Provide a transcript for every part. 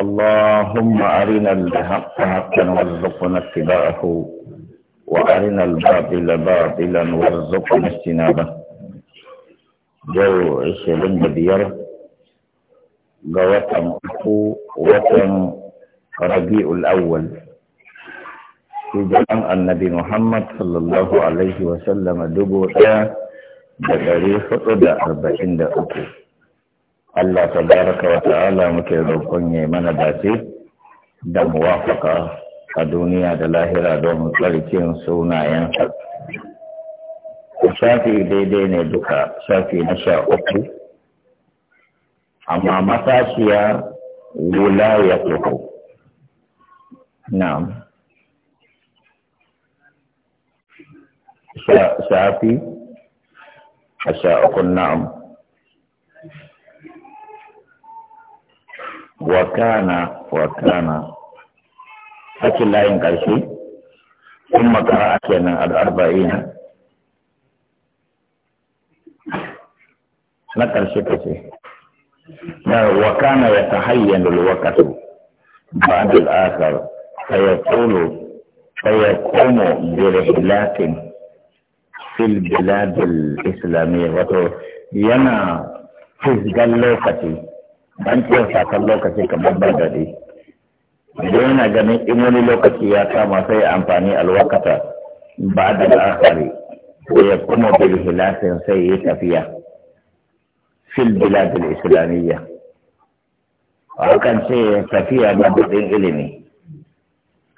اللهم أرنا الحق حقا وارزقنا اتباعه وأرنا الباطل باطلا وارزقنا اجتنابه جو عشرين بديار قواتم أخو وكم ربيع الأول في جمع النبي محمد صلى الله عليه وسلم دبوتا بدري خطب أربعين دقيقة Allah ta baraka wa ta'ala muke roƙon ya mana dace da muwafaka a duniya da lahira don tsarkin sunayensa. Shafi daidai ne duka shafi na sha uku, amma matashiya wula ya na Na'am. Shafi a sha uku na'am. وكان وكان أكل لا ينقل ثم قرأ كنا الأربعين na ƙarshe ka ce na wakana ya ta hanyar lokacin ba da al'akar faya kolo faya komo birhilatin fil biladil islamiyya wato yana fisgan lokaci dan kiyar sakan lokaci kamar ba daɗi idan yana ganin in wani lokaci ya kama sai amfani alwakata ba da la'akari sai ya kuma bil hilafin sai ya tafiya fil biladul islamiyya hakan ce tafiya na buɗin ilimi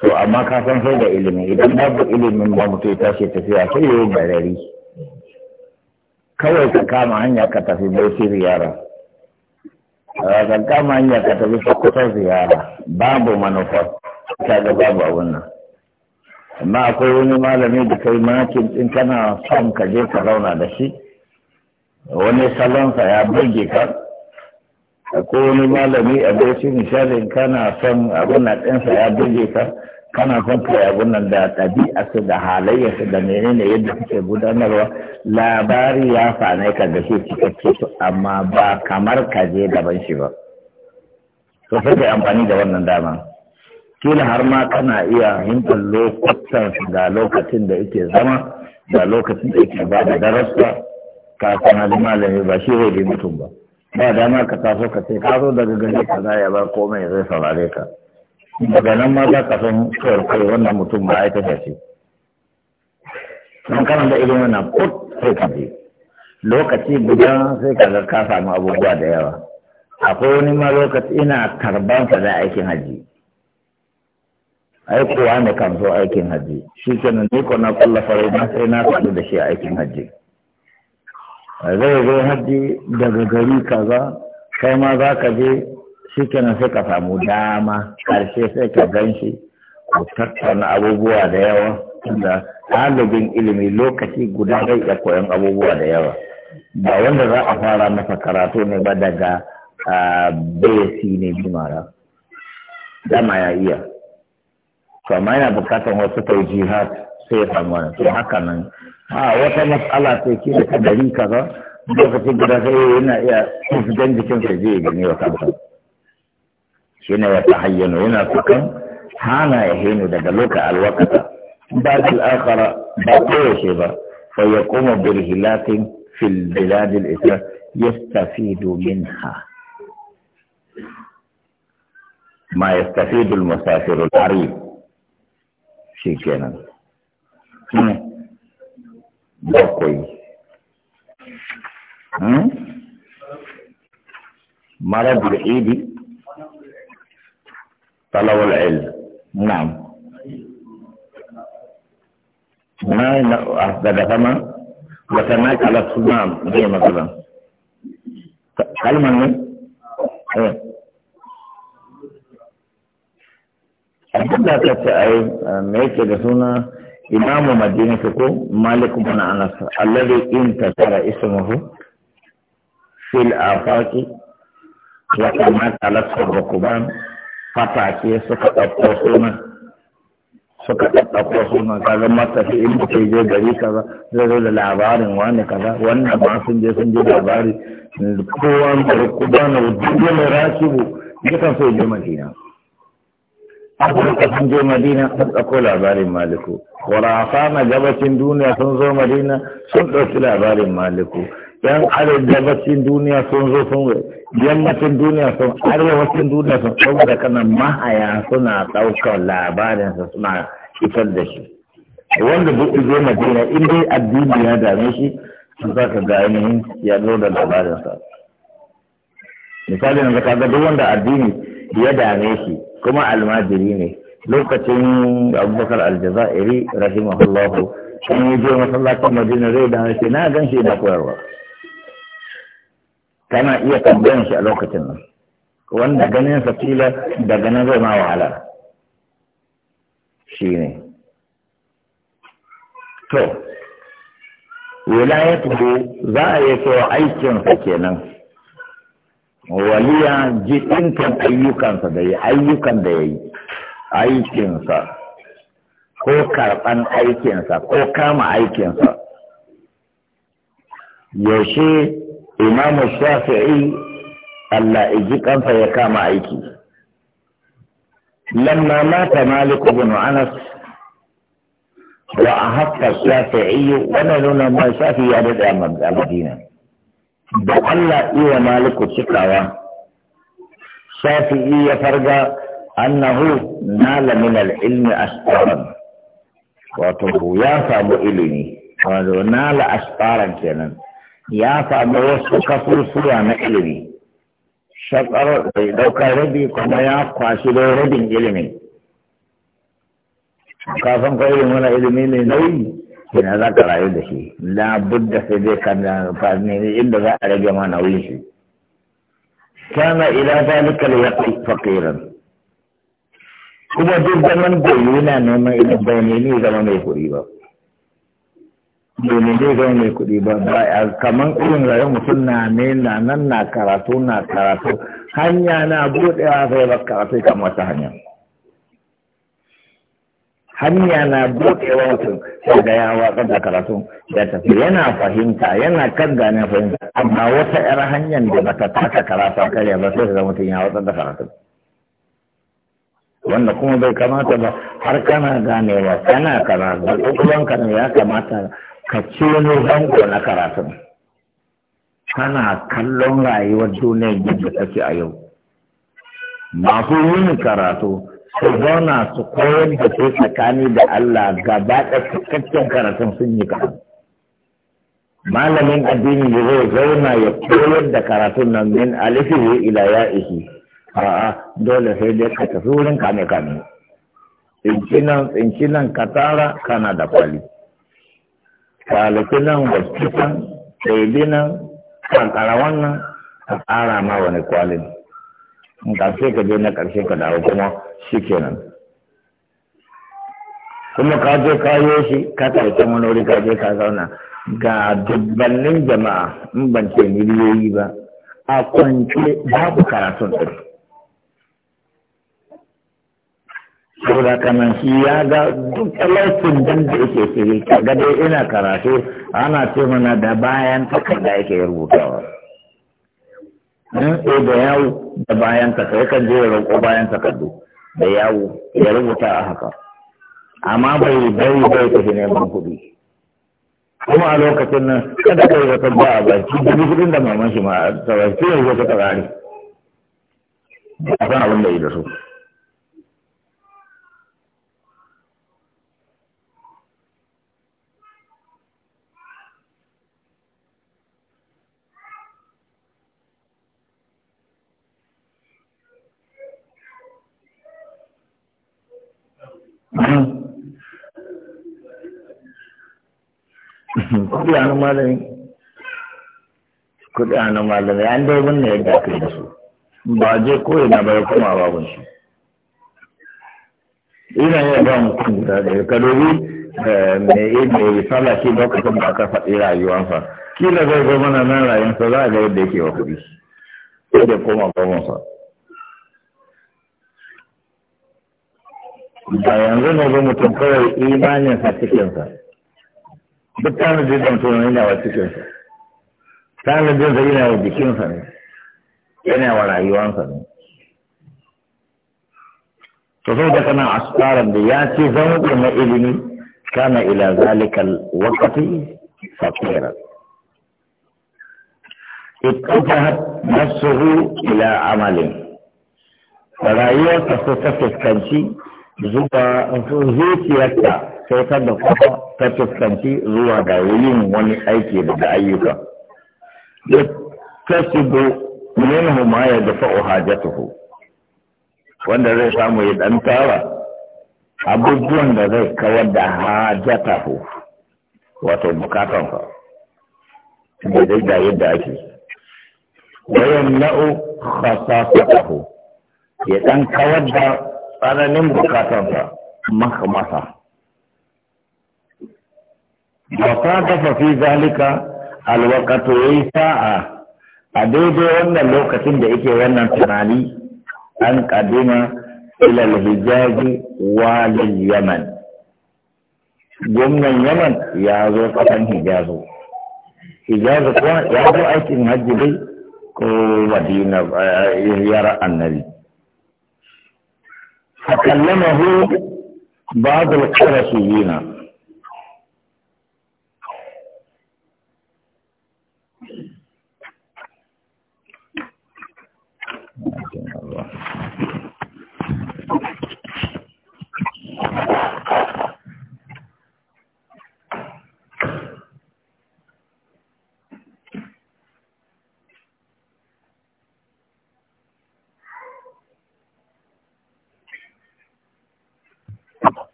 to amma ka san sai da ilimi idan babu ilimin ba mutum ya tashi tafiya sai ya yi barari kawai ka kama hanya ka tafi bai sirri yara ka kama hanya ka tafi kusa ziyara babu manufa ta ga babu abun nan amma akwai wani malami da kai makin in kana son ka je ka zauna da shi wani salonsa ya burge ka akwai wani malami a misali in kana son abun na ɗinsa ya burge ka kana kwanta abun nan da ɗabi'a su da halayya su da menene yadda suke gudanarwa labari ya fane ka da shi cikakke su amma ba kamar ka je gaban shi ba to sai ka amfani da wannan dama kila har ma kana iya hintar lokutan da lokacin da yake zama da lokacin da yake ba da darasta ka kana da malami ba shi zai mutum ba ba dama ka taso ka ce ka zo daga gari kaza ya bar komai zai saurare ka daga nan ma za ka san kawai kawai wannan mutum ba ya shi? ce kana da ilimin wannan kut sai ka bi lokaci guda sai ka ga ka samu abubuwa da yawa akwai wani ma lokaci ina karban sa da aikin haji ai kuwa ne kan zo aikin haji shi kenan ni ko na kulla fara ina sai na faɗi da shi aikin haji zai zo haji daga gari kaza kai ma za ka je shi kenan sai ka samu dama ƙarshe sai ka gan shi ku tattauna abubuwa da yawa da ɗalibin ilimi lokaci guda zai iya koyon abubuwa da yawa ba wanda za a fara masa karatu ne ba daga besi ne jimara dama ya iya to amma yana bukatar wasu taujihat sai ya samu wani to haka nan a wata matsala sai ke da kadari kaza lokacin guda sai yana iya jikin sai zai gani wa kansa هنا يتحين هنا فقم حانا يهين دا دلوك الوقت بعد الآخر بطوة شبا فيقوم برهلات في البلاد الإسرة يستفيد منها ما يستفيد المسافر العريب شي كان بقوي مرض العيد طلب العلم نعم ما هذا فما وكناك على السلام زي إيه مثلا هل من من أحب لا تتأي ميك يدسونا إمام مدينة كو مالك من أنس الذي إنت ترى اسمه في الآفاق وكناك على السلام fatake suka ɗauko sunan suka ɗaɗɗauko sunan kaga matafi in ke je gari kaza zai zo da labarin wani kaza wannan ma sun je sun je labari kowa da kuma na duk mai ne yakan so je madina sun je Madina sun ɗauko labarin Maliku. Warafa na gabacin duniya sun zo Madina sun ɗauki labarin Maliku. yan arewa gabacin duniya sun zo sun yammacin duniya sun arewacin duniya sun saboda kana mahaya suna ɗaukar labarinsa suna fitar da shi wanda duk zo madina in dai addini ya dame shi sun za ka gani ya zo da labarinsa misali na zaka ga duk wanda addini ya dame shi kuma almajiri ne lokacin abubakar aljazairi rahimahullahu in yi zo masallacin madina zai dame shi na gan shi na koyarwa kana iya tambayan shi a lokacin nan wanda ganin sa kila daga nan zai ma wahala shi ne to wilayatuhu za a yi cewa aikinsa kenan waliya jiɗinkan ayyukansa da ya ayyukan da ya yi aikinsa ko karɓan aikinsa ko kama aikinsa yaushe إمام الشافعي ألا إجيك أنت يا كام عيكي لما مات مالك بن أنس وأهف الشافعي وأنا لنا ما شافي يا رب يا مبدأ المدينة بقلا إيوا مالك الشكاوى شافعي يفرق أنه نال من العلم أسطارا وتقول يا فابو إلني ونال أشطارا كذا ya faɗa wasu kafurfura na ilimi shakar bai ɗaukar rabi kuma ya kwashi da rabin ilimi kafin irin wani ilimi mai nauyi kina za ka rayu da shi Na budda sai dai kan ne inda za a rage ma nauyin shi kana ila zalika ya fi fakiran kuma duk zaman goyi yana neman ilimi bai ne zama mai kuri ba domin zai zai mai kuɗi ba ba kamar irin rayuwar mutum na ne na nan na karatu na karatu hanya na wa zai ba karatu kan wata hanya hanya na wa mutum sai ya watsar da karatu ya tafi yana fahimta yana kan gane fahimta amma wata yar hanyar da ba ta taka karatu karya ba sai zai mutum ya watsar da karatu wanda kuma bai kamata ba har kana ganewa kana karatu ne ya kamata ka ci wani zango na karatun kana kallon rayuwar duniyar yadda kake a yau masu yin karatu su zauna su koyar da ke tsakani da Allah gaba da cikakken karatun sun yi karatu malamin addini da zai zauna ya koyar da karatun nan min alifihi ila ya'ihi a'a dole sai dai ka tafi wurin kame kame Tsinkinan katara kana da kwali ɗalibi nan gaske can ɗaibi nan kankara wannan a ƙara ma wani kwalin in ƙarshe ka je na ƙarshe ka dawo kuma shi kenan kuma ka je ka yi shi ka wani wuri ka je ka zauna ga dubbannin jama'a in ban ce miliyoyi ba a kwance babu karatun ɗin saboda kanan shi ya ga duk talaucin dan da yake ciki ga dai ina karatu ana ce mana da bayan takarda yake rubutawa in da yawo da bayan ta sai kan je ya roƙo bayan takardu da yawo ya rubuta a haka amma bai bai bai tafi neman kuɗi kuma a lokacin nan kada kai wata ba a shi da kuɗin da maman ma a tsawar shi yanzu ta tsari ba abin da yi da su kuɗi a nan malami kuɗi a nan malami an dai ne yadda aka yi da su ba je ko ina bai kuma babun shi ina yin ba mutum guda eh, da ya kadobi me yi mai risala shi ka kuma aka faɗi sa kila zai zo mana nan sa za a ga yadda yake wa kuɗi sai da koma sa da yanzu ne ba mutum kawai imaninsa cikinsa duk tanadin da mutum yana wa cikinsa tanadin sa yana wa jikinsa ne yana wa rayuwansa ne to sai da kana askaran da ya ce zan kuma ilimi kana ila zalikal waqti fakira اتجهت نفسه الى عمل فرأيت فستفت كنشي zuba zuciyarta saukar da kwafa ta fuskanci zuwa ga yin wani aiki daga ayyuka ya bu min huma ya dafa hajatuhu wanda zai samu ya dan tara abubuwan da zai kawar da hajatahu wato bukatansa da zai ga yadda ake wayan na'u khasasatahu ya dan kawar da tsananin bukatarsa maka masa Bauta dafa fi zalika alwakato ya yi sa'a a daidai wannan lokacin da yake wannan tunani an kadima ilal hijabi walil yaman gwamnan yaman ya zo kasan hijazo hijazo kuwa ya zo aikin hajji dai ko madina ziyarar annabi فكلمه بعض القرشيين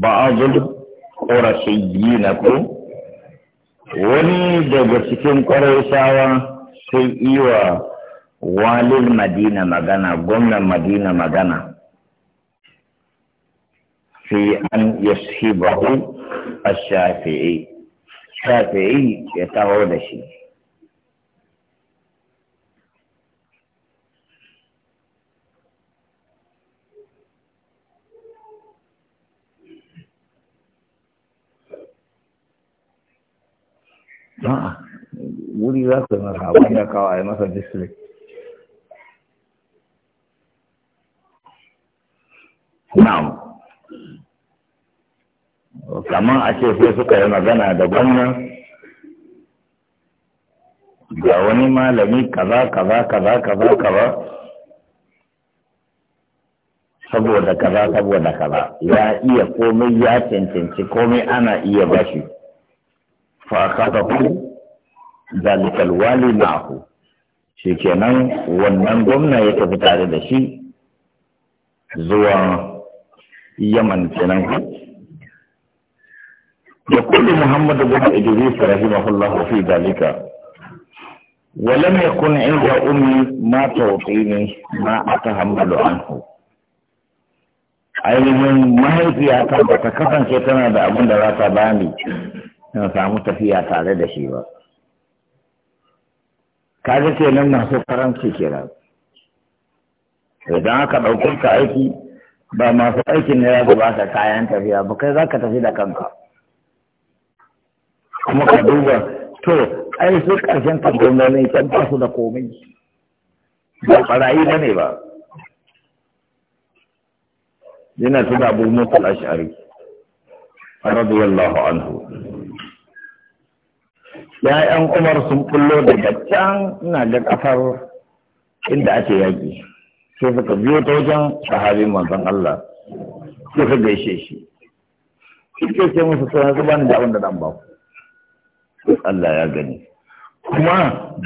ba'adul ƙorashiyyina ko wani daga cikin ƙwararsawa sai iwa walin madina magana gwamnan madina magana fi an yashibahu a shafi'i shafi'i ya taho da shi ya kawo a masa display na'am kamar a ce sai suka yi magana da gwamnan ga wani malami kaza kaza kaza kaza kaza saboda kaza saboda kaza ya iya komai ya cancanci komai ana iya bashi fa kafa ku Jalikal wali ne a ku? wannan gwamnati ya tafi tare da shi zuwa yamma'n kenan ku. Da kuɗi Muhammadu za ta iya jirgin su rahima hulɗar kofi da alaƙa. mai kunna 'yan uwa ummi na ne a ma'aikatan hamadu an ku. A yanzu, mahaifiyata ba ta kasance tana da abin da za ta bani in samu tafiya tare da shi ba. na so masu ke ra idan aka ɗaukar ka aiki ba masu aikin ne ya ba ka kayan tafiya ba kai za ka tafi da kanka kuma ka duba to ai su ƙarshen ne can ba su da komai ba ɓarayi ba ne ba yana tuna abu musul ashari radiyallahu anhu ya'yan umar sun kullo daga can ina ga kafar inda ake yaƙi sai suka biyo ta wajen sahabi manzon Allah sai suka gaishe shi suke ce musu sai su bani da abin da dan ba Allah ya gani kuma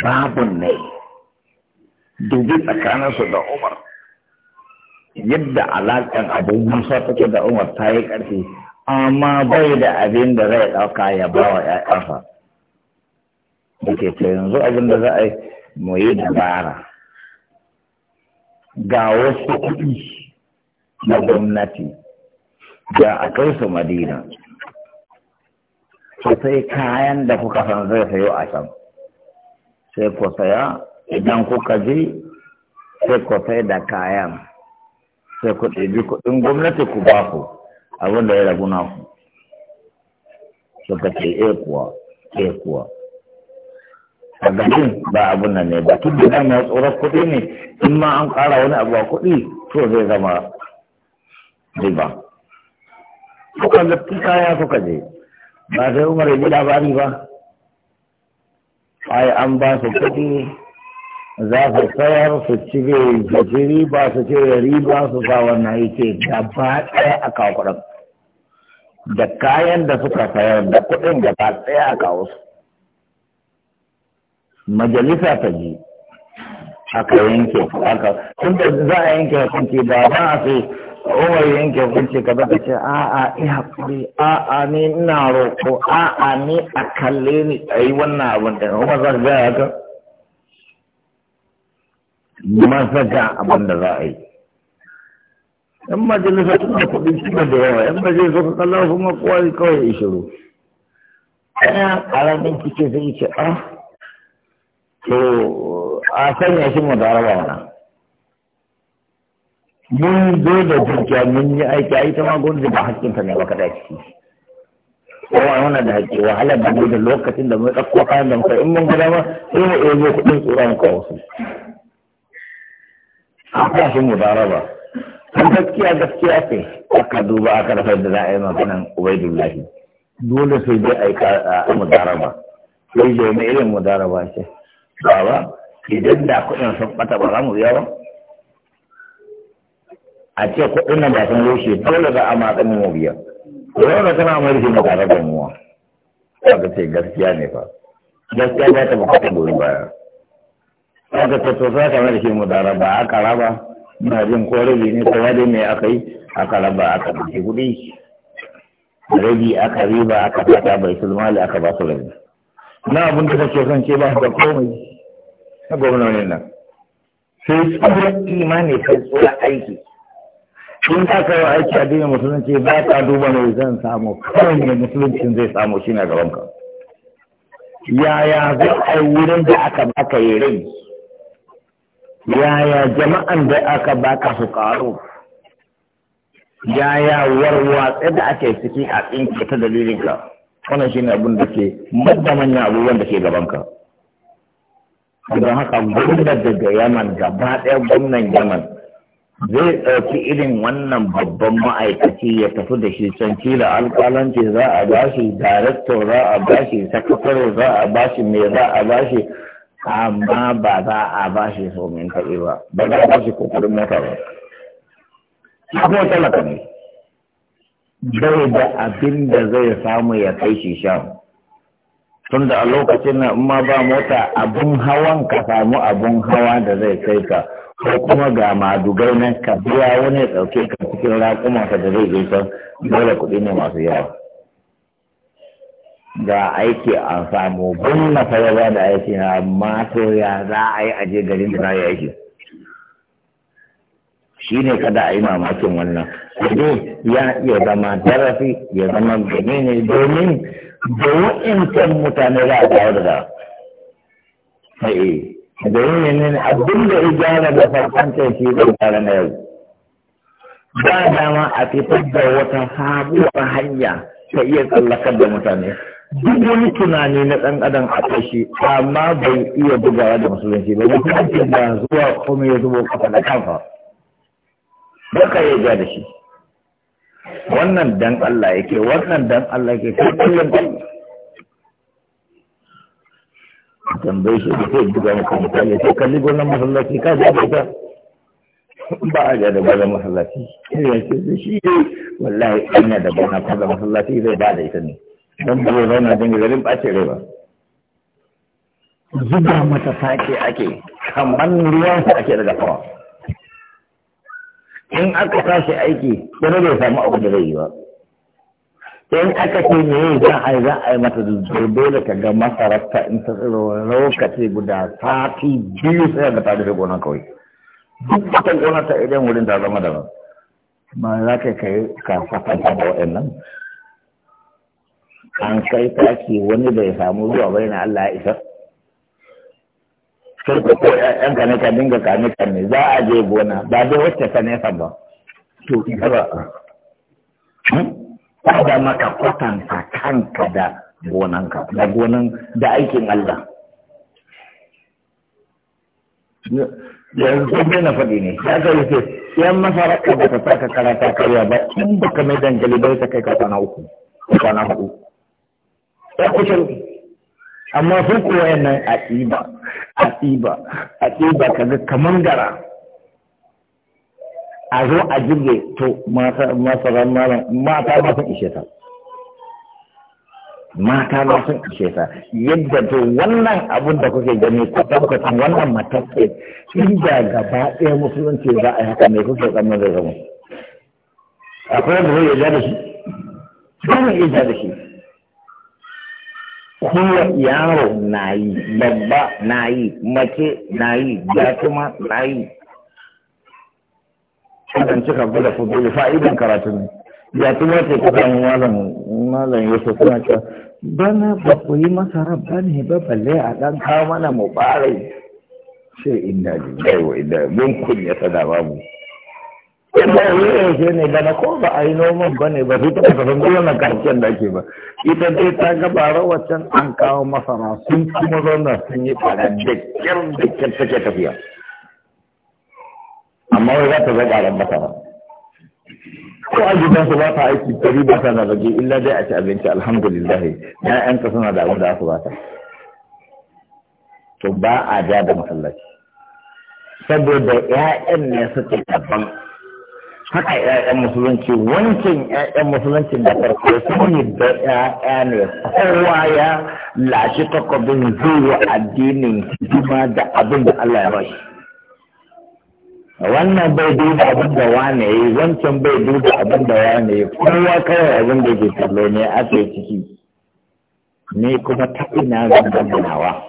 babu ne dubi tsakaninsu da umar yadda alaƙar abin musa take da umar ta yi ƙarfi amma bai da abin da zai ɗauka ya ba wa ‘ya'yansa da ke ce yanzu abin da za a yi mu yi dabara ga wasu kuɗi na gwamnati da a kai su madina su sai kayan da kuka san zai sayo a can sai ku saya idan kuka je sai ku sai da kayan sai ku ɗebi kuɗin gwamnati ku ba ku abin da ya ragu na ku suka ce ekuwa eh ekuwa eh a gajin ba abun nan ne ba tun da dama tsoron kuɗi ne in ma an ƙara wani abu a kuɗi to zai zama riba kuka zafi kaya kuka je ba sai umar ya ji labari ba ai an ba su kuɗi za su sayar su cire su ba riba su cire riba su sa wannan yake gaba ɗaya a kawo kuɗin da kayan da suka sayar da kuɗin gaba ɗaya a kawo su majalisa ta ji aka yanke aka tun da za a yanke hukunci ba ba a ce umar yanke hukunci ka zaka ce a a i hakuri a a ni ina roƙo a a ni a kalle ni a yi wannan abin da kuma za ka gaya haka masaka abin da za a yi yan majalisa suna kuɗi suna da yawa yan majalisa ka kalla kuma kowa kawai ya shiru ɗaya ƙaramin kike sai ce ah to a sanya shi mu daraba mana mun zo da dukiya mun yi aiki a ita ma gwamnati ba ta ne ba kada ciki kowa muna da hakki wahala da mu da lokacin da mu ɗauko kayan da muka in mun gada ma sai mu ɗebo kuɗin tsoron mu kawo su a kashin mu daraba kan gaskiya gaskiya ce aka duba aka rafa da za a yi maganan ubaidullahi dole sai dai a yi mu daraba sai jami'in mu daraba ce ba idan da kuɗin sun ɓata ba za mu biya ba a ce kuɗin nan da sun rushe dole za a matsa mu biya yau da tana mai rikin da tare da muwa ka ce gaskiya ne fa gaskiya za ta bukata gobe baya ka ce to za ka mai rikin mu da raba aka raba ina jin ko rabi ne ko wani ne aka yi aka a aka ɗauki kuɗi rabi aka riba aka fata bai sulmali aka ba su rabi na abin da kake son ke ba da komai na gwamnonin nan sai tsoron imani kai tsoron aiki tun ka kawo aiki a dina musulunci ba ka duba mai zan samu kawai mai musuluncin zai samu shi na ka. yaya za a yi wurin da aka baka yi rai yaya jama'an da aka baka su karo yaya warwatsa da ake ciki a tsinke ta dalilinka wannan shi ne abin da ke madda manyan abubuwan da ke gabanka don haka gwamna daga yaman gaba ɗaya gwamnan yaman zai ɗauki irin wannan babban ma'aikaci ya tafi da shi can kila alƙalanci za a bashi daraktor za a bashi sakatare za a bashi mai za a bashi amma ba za a bashi somin kaɗi ba ba za a bashi kokarin mota ba. Akwai talaka ne. bai da abin da zai samu ya kai shi shan tunda a lokacin na ma ba mota abin hawan ka samu abin hawa da zai kai ka ko kuma ga madugai nan ka biya wani ya ɗauke ka cikin raƙumanka da zai zai san dole kuɗi ne masu yawa ga aiki a samu gwamna ya da aiki amma mato ya za a yi aje garin da na a yi aiki shi ne kada a yi mamakin wannan kudu ya iya zama darasi ya zama gani ne domin da wa'incan mutane za a dawo da eh, da ne ne abin da ya gyara da farkanta shi zai gyara na yau ba dama a fitar da wata sabuwar hanya ta iya tsallakar da mutane duk wani tunani na ɗan adam a kashi amma bai iya bugawa da musulunci ba ne kuma da zuwa kuma ya zubo kafa da kafa baka ya ja da shi wannan dan Allah yake wannan dan Allah yake ko kullum tambaye shi da kai duka maka misali sai kalli gonar masallaci ka ja da ita ba a ja da gonar masallaci sai ya ce da shi dai wallahi ina da gonar kaza masallaci zai ba da ita ne dan ba zai zauna dangi garin ɓace rai ba zuba mata sake ake kamar ruwan sa ake daga kawai in aka tashi aiki wani bai samu abu da zai yi ba in aka ce me za a yi za a yi mata dole ka ga masararta in ta tsiro lokaci guda sati biyu sai ga ta da gona kawai duk wata gona ta idan wurin ta zama da ma za ka kai ka ta da waɗannan an kai taki wani bai samu zuwa bai na Allah ya isa sai ko ƴan ka ne ka dinga kame ne za a je gona ba dai wacce ka nesa ba to ita ba ba hmm? da maka kwatanta kanka da gonanka da gonan da aikin Allah yanzu sai na faɗi ne ya ga yake yan masaraka ba ta saka karata karya ba in baka mai dangali bai ta kai ka kwana uku kwana hudu ya kuce amma sun kuwa nan a tsiba a tsiba a tsiba kaga kamar gara a zo a jirge to masarar malam mata ba sun ishe ta mata ba sun ishe ta yadda to wannan abun da kuke gani ku tabbatar wannan tun da gaba ɗaya musulunci za a yi haka mai kuke da zama akwai wanda zai iya da shi zai yi da shi kowa yaro na yi babba na yi mace na yi gatuma na yi kan cika da fudulu fa'idan karatu ne ya kuma ce ka samu malam ya so kuma ce bana ba ku yi masa rabba ne ba balle a dan kawo mana mu bare sai inda ji dai wa inda mun kunya ta da babu Ina yi ce ne bana ko ba a yi noman ba ne ba su ta kasan wannan karshen da ake ba. Ita dai ta gaba rawacin an kawo masara sun kuma zauna sun yi fara da kyar da kyar take tafiya. Amma wai za ta zai ƙarar masara. Ko a gidan su ba ta aiki tari ba ta na rage illa dai a ci abinci alhamdulillah. Ya'yanka suna da abin da aka ba ta. To ba a ja da masallaci. Saboda 'ya'yan ne suke daban haka ƴaƴan musulunci wancan ƴaƴan musulunci da farko su ne da ƴaƴa ne kowa ya lashe takwabin zuwa addinin hidima da abin da Allah ya bashi wannan bai duba abin da wane yi wancan bai duba abin da wane yi kowa kawai abin da ke kallo ne a kai ciki ne kuma ta ina zan gabanawa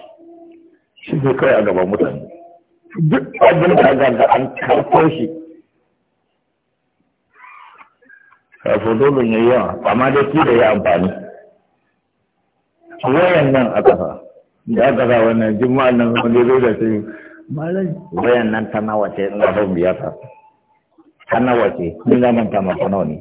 shi ne kawai a gaban mutane duk abin da ga an karfo shi fudulun ya yi yawa amma dai ki da ya amfani wayan nan a ƙasa da aka sa wannan juma'a nan wani ya zo da shi malai wayan nan ta nawa ce na son biya ta ta nawa ce ni na manta ma ta nawa ne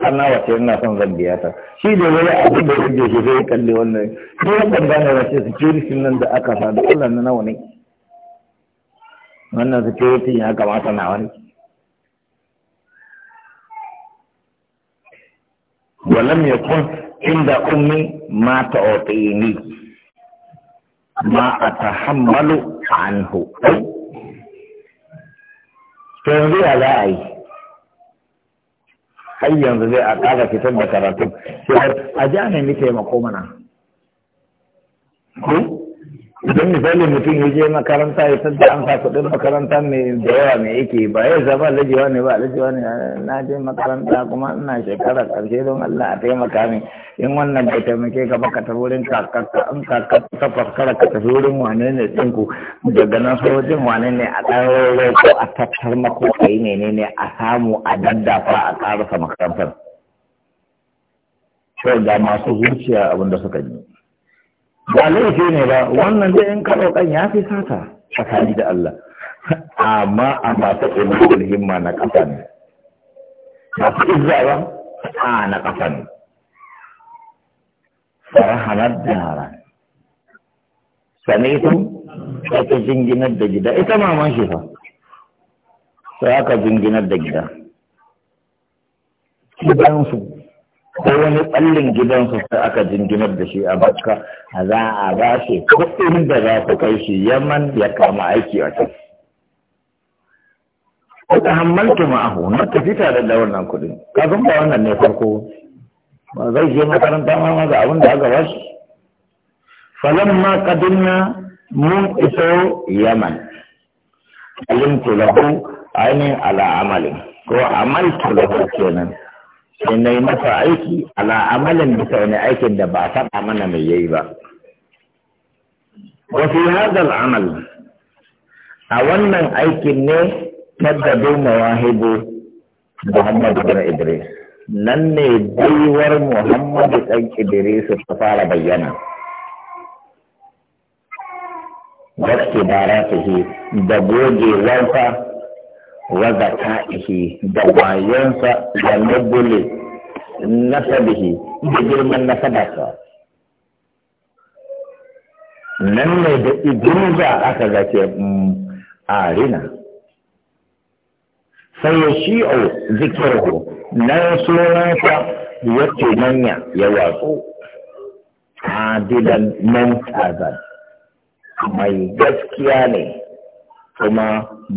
ta nawa ce ina son zan biya ta shi da wani abu da yake shi zai kalle wannan ko ban gane ba ce security nan da aka sa da Allah na nawa ne wannan security ya kamata na wani ولم يكن عند ma ما تعطيني ما أتحمل عنه تنزي على أي har yanzu zai a ƙara fitar da karatu sai a ja ne muke mako mana idan misali mutum ya je makaranta ya san da an sa kuɗin makaranta ne da yawa ne yake ba ya zama lajewa ne ba lajewa ne na je makaranta kuma ina shekara ƙarshe don Allah a taimaka min in wannan bai taimake ka ba ka tafi wurin kakarka in ta wurin wane ne ku daga nan sojin wane ne a ɗan ko a tattar mako a yi menene a samu a daddafa a ƙarasa makarantar. Shau da masu zuciya abinda suka yi. ba laifi ne ba wannan dai in karo kan ya fi sata tsakani da Allah amma a masu ilmul himma na kafa ne masu izza ba a na kafa ne farahanar dara sane su ta ta jinginar da gida ita maman shi fa sai aka jinginar da gida gidansu ko wani tsallin gidansu sai aka jinginar da shi a bakka a za a ba shi kuɗin da za ku kai shi yaman ya kama aiki a can. Ko ta hammaltu ma'ahu na ta fita da wannan kuɗin. san ba wannan ne farko ba zai je makaranta ma ga abin da aka ba shi. Falan ma kadinna mun iso yaman. Alimtu lahu ainihin ala amalin ko amaltu lahu kenan. sai na yi masa aiki ala amalin bisa wani aikin da ba a faɗa mana mai yayi ba wasu hadal amal a wannan aikin ne taddado mawahibu muhammadu bin idris nan ne baiwar muhammadu ɗan idris ta fara bayyana wasu da goge wanka ta zaka'ihi da wayansa da nabule nasabihi da girman nasabarsa nan ne da igirza aka zace mm, a rina sai ya o zikirhu nan sunansa yake manya ya watsu adilan nan mai gaskiya ne kuma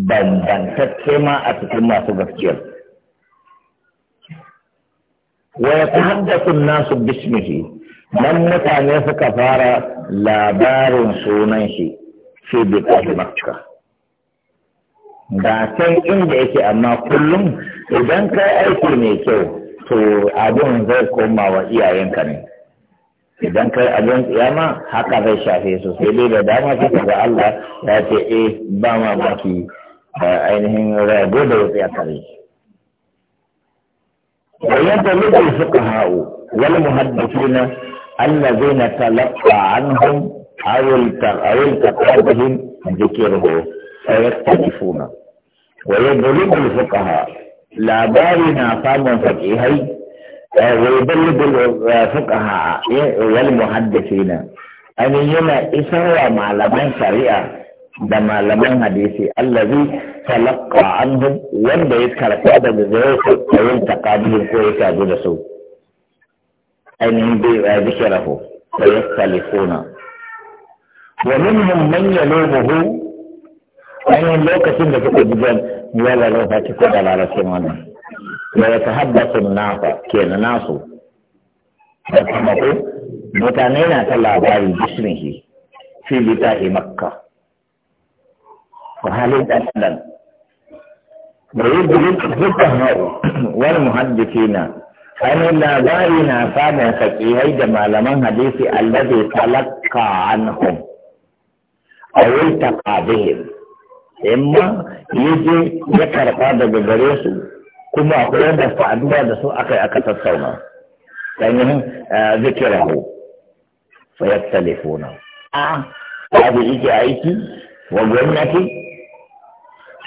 bambantacce ma a cikin masu gaskiyar wa ya haddasa nasu bismihi nan mutane suka fara labarin sunan shi fi bi makka ga can inda yake amma kullum idan ka aiki mai kyau to abin zai koma wa iyayenka ne idan kai abin kiyama haka zai shafe su sai dai da dama sai ga Allah ya ce eh ba ma baki ainihin rago da wasu ya kare wayan da suka hawo wal muhaddithina allazina talaqa anhum awil ta taqabahum dhikruhu fayakhtalifuna wa yadlu al fuqaha labari na samun fakihai ويبلغ الفقهاء والمحدثين أن يما إسرى معلمان شريعة da malaman hadisi allazi talaqqa anhum wanda ya karɓa daga gare su a yin taqabilin ko ya tabu da su ainihin bai ya zikirahu wa yastalifuna wa minhum man yalumuhu ainihin lokacin da suka ji jan wala rafa ki ko da lalace wannan ويتحدث الناس كان الناس متنين تلا بار جسمه في بتاء مكة وهل أسلم ويجب أن والمحدثين أنا لا أنا فانا فكيهي جمال من حديث الذي تلقى عنهم أو التقى بهم إما يجي يكرقى بجريسه kuma akwai wanda faduwa da su aka yi aka tattauna ɗanyen eh, zikirahu fayar telefona a abu ike aiki wa gwamnati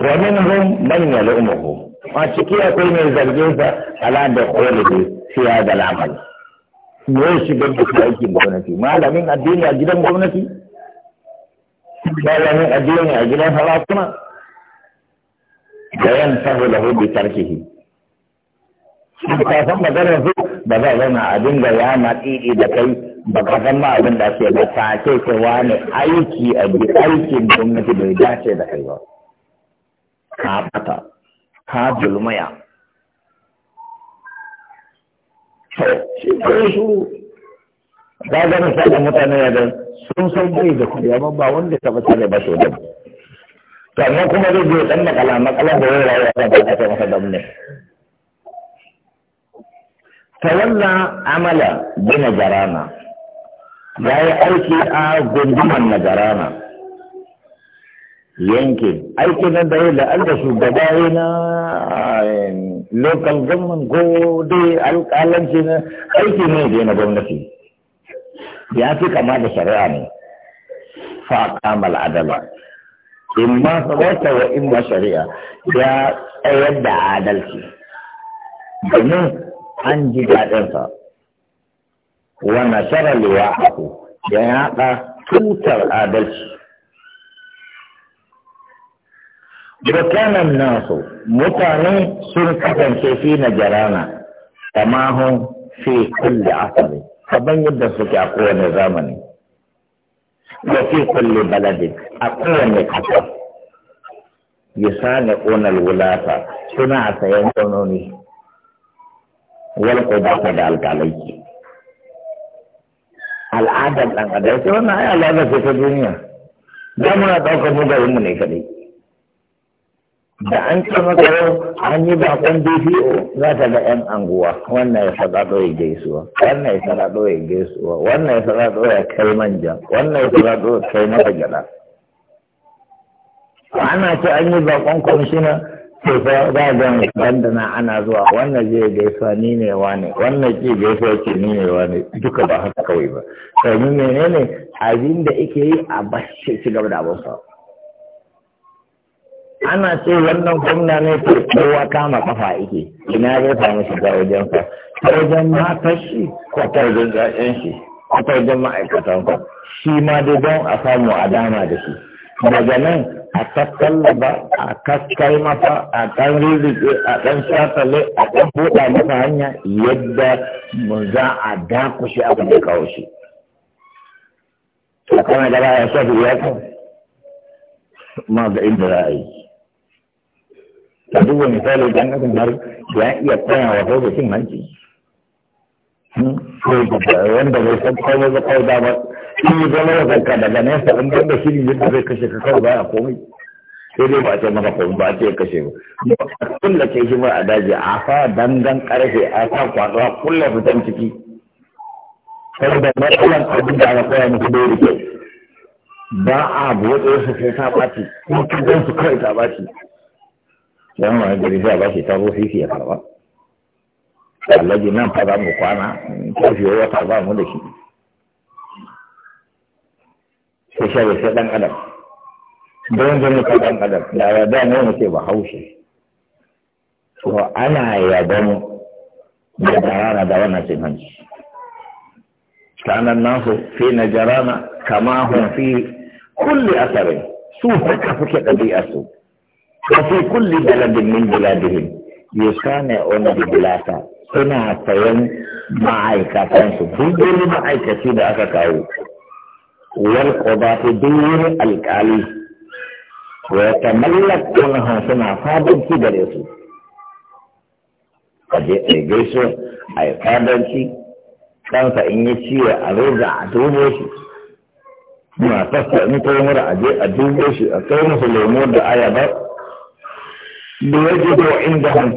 wani hun manya la'umahu a ciki akwai mai zargin sa ala da kwalibi siya da lamal ne shigar da su aiki gwamnati malamin addini a gidan gwamnati malamin addini a gidan sarakuna da yan sahu lahu bi tarkihi in ka san maganar su ba za zauna a dinga ya na ɗiɗi da kai ba ka san ma abin da ake ba ta ce ce wani aiki a bi aikin gwamnati bai dace da kai ba ka bata ka julmaya shi ko shuru ga ganin sa mutane ya da sun san bai da kuɗi amma ba wanda ta fasa ne ba so da to amma kuma zai je ɗan makala makala da wai rayuwa ta ce masa damne tawalla amala bi najarana ya yi aiki a gunduman najarana Yanke, aiki na da da an da shugaba na eh, local government ko dai alƙalanci na aiki ne da na gwamnati ya fi kama da shari'a ne fa kamal adala in ma sarauta wa in ma shari'a ya tsayar da adalci domin an ji daɗinsa wa nashara Da ya haɗa tutar adalci Bukanan nasu mutane sun kasance fi na jarana da hun fi kulle asali kaban yadda suke a kowane zamani da fi kulle baladi a kowane kasa yasa ne ƙonar wulata suna a sayan gwamnoni wal ka da ke. al'adar ɗan adam sai wannan ai al'adar sai ta duniya da muna ɗaukar mu garin mu ne kadai da an ce maka an yi bakon DPO za ta ga yan anguwa wannan ya faɗa ɗoye gaisuwa wannan ya faɗa ɗoye gaisuwa wannan ya faɗa ɗoye kai manja wannan ya faɗa ɗoye kai masa gyaɗa ana ce an yi bakon kwamishina to fa ba ga bandana ana zuwa wannan zai gaisuwa ni ne ne wannan ke gaisuwa ke ni ne ne duka ba haka kawai ba domin menene abin da ake yi a bashi ci gaba da abin sa ana ce wannan gwamna ne ke kowa kama kafa ake ina zai samu shiga wajen sa ta wajen matar shi ko ta wajen ƴaƴan shi ko ta wajen ma'aikatan shi ma dai don a samu a dama da shi daga nan a tattallaba a kaskai mafa a kan rizike a kan shafale a kan buɗa masa hanya yadda mu za a dakushi abin da kawo shi a kan gaba ya shafi ya kan ma ga inda za a yi ta duba misali dan kasan kuma ya iya tsaya wa kai da cin hanci hmm? wanda bai san kawai ba kawai ba. in yi zama da zanka daga nesa in ban da shirin yadda zai kashe ka kawai baya komai sai dai ba a ce maka komai ba a ce kashe ba da ke shi ba a daji a sa dangan karfe a sa kwazo a kulla fitan ciki saboda matsalan abin da aka koya musu dole kyau ba a buɗe su sai ta ɓaci kuma kan su kawai ta ɓaci yan wani gari sai a bashi ta zo sisi ya karɓa. Allaji nan fa za mu kwana, kyafiyo wata ba mu da shi. ko shari sai dan adam don zama ka dan adam da ya da ne mu ce ba haushe to ana yabon da darana da wannan cin hanci kanan nasu fi na jarana kama hun fi kulli asarin su haka suke ɗabi'a su wa fi kulli baladin min biladihim yusana ona bilata suna sayan ma'aikatansu duk wani ma'aikaci da aka kawo wal qadati dawr alqali wa tamallakuna suna fadanci gare su kaje ai gaiso ai fadanci kansa in yi ciwo a roga a dubo shi na tasa in kai mura aje a dubo shi a kai musu lemo da ayaba da yajidu indahum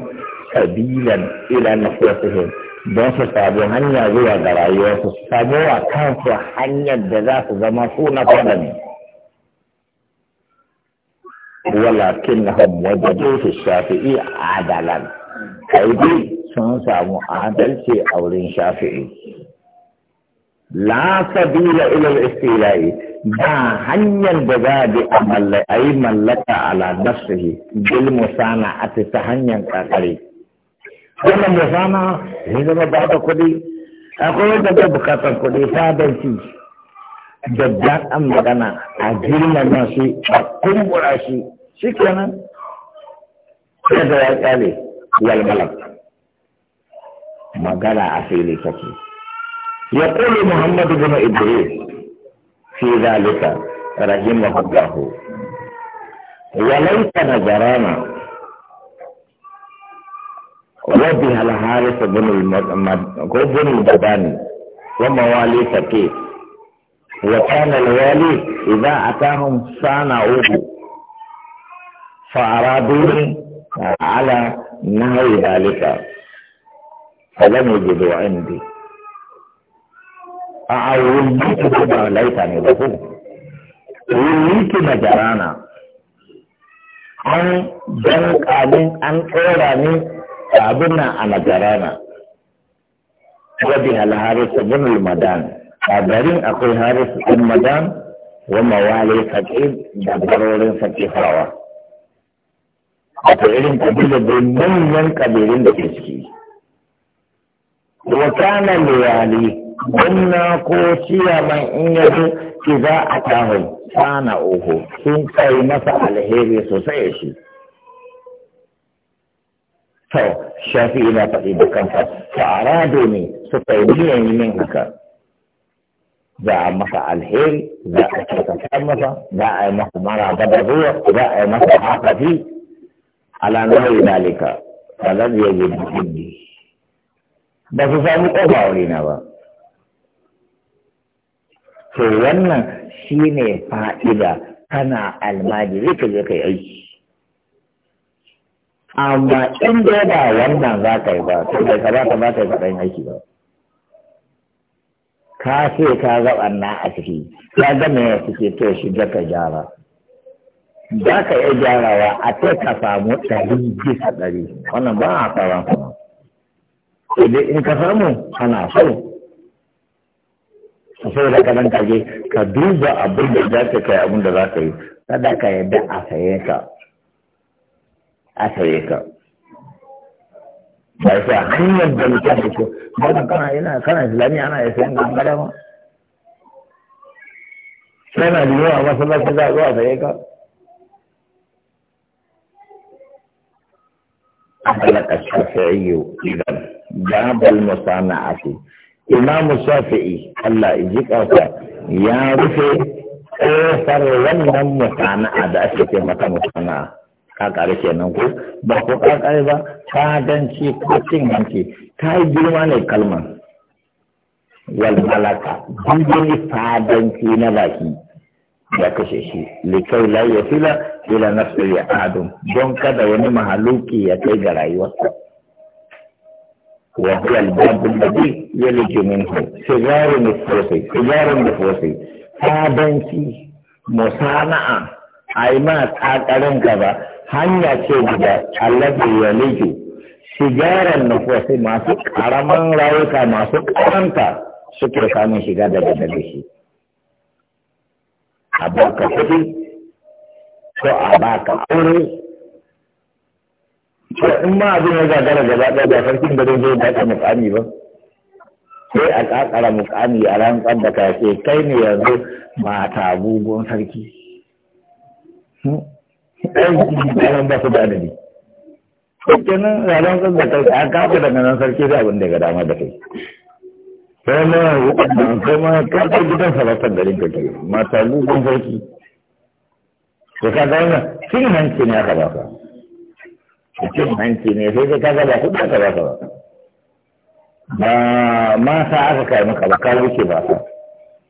sabilan ila nafsihim don su sabu hanya zuwa ga rayuwarsu su samu wa kansu hanyar da za su zama su na fada ne walakin na wajadu su shafi'i adalan kai sun samu adalci a wurin shafi'i la sabila ila al-istilai ba hanyar da za bi a yi mallaka ala nafsihi bil musana'ati ta hanyar kakare wannan bai fama ne zama ba da kuɗi akwai wanda bai bukatar kuɗi fadar shi da jan an magana a girman nasu a kumbura shi shi kenan ya da ya kyale walmalar magana a fili kake ya kuli muhammadu bin idris fi zalika rahimahullahu na nazarana وجه الحارث بن بن البداني وموالي سكيف وكان الوالي إذا أتاهم صانعوه فأرادوني على نهي ذلك فلم يجدوا عندي أعوليك بما ليتني له وليك مجرانا an danka min an abin nan a na wabi alharisu bin ulmadan a garin akwai harisu bin madan wa mawalai faƙi da barorin A wato irin kabilar da manyan kabilun da ke ciki wa kana liyali wannan ko ciyaman in yazo ki za a tahun sana uku sun kai masa alheri sosai shi to shafi ina faɗi da kansa fa'arado ne suka yi niyan haka za a masa alheri za a kyautata masa za a yi masa mara bada ruwa za a yi masa hafafi ala nawi dalika falan ya yi muhimmi ba su samu ƙofa wurina ba to wannan shine fa'ida kana almajiri ka je kai aiki amma in dai ba wannan za ka yi ba to bai ka ba ka yi faɗin aiki ba ka ce ka ga wannan a ciki ka ga me ya suke to shi ga ka gyara za ka iya gyarawa a ce ka samu ɗari bisa ɗari wannan ba a tsaron kuma idan in ka samu ana so sai da kanan kaje ka duba abin da za ka kai abin da za ka yi kada ka yadda a saye ka afirka ba sa hanyar da mutum ko ba da kana yana kana islami ana ya sayan gaba da ma sai na biyo a masallaci za a zo a saye ka أغلق الشافعي إذا باب المصانعة إمام الشافعي الله يجيك أوسع يا رفي أوفر ونم مصانعة ده أشكي متى مصانعة ka kare kenan ko ba ko ka kare ba fadanci ko cin hanci ta yi girma ne kalmar wal malaka dubin fadanci na baki ya kashe shi likai la ya fila ila nafsi ya adam don kada wani mahaluki ya kai ga rayuwarsa wa huwa al-babu alladhi yaliju minhu sigaru nufusi sigaru nufusi fadanci musana'a ai ma tsakarin ka ba hanya ce guda ya yaliju sigaran nufusi masu karaman rayuka masu karanta suke samun shiga daga daga shi a baka kuɗi ko a baka aure to in ma abin ya gagara gaba ɗaya ba sarkin da zai zai ka mukami ba sai a kakara mukami a rantsar da sai kai ne yanzu mata bugun sarki hmm? ɗan ba su da kenan da kafa daga nan sarki da abin da ga dama da kai sai ma sai ma kafa gidan garin ka mata sarki to ka ga wannan cin hanci ne aka ba ka cin hanci ne sai ka ga ba kuɗi aka ba ka ba ba ma sa aka kai maka ba ka wuce ba ka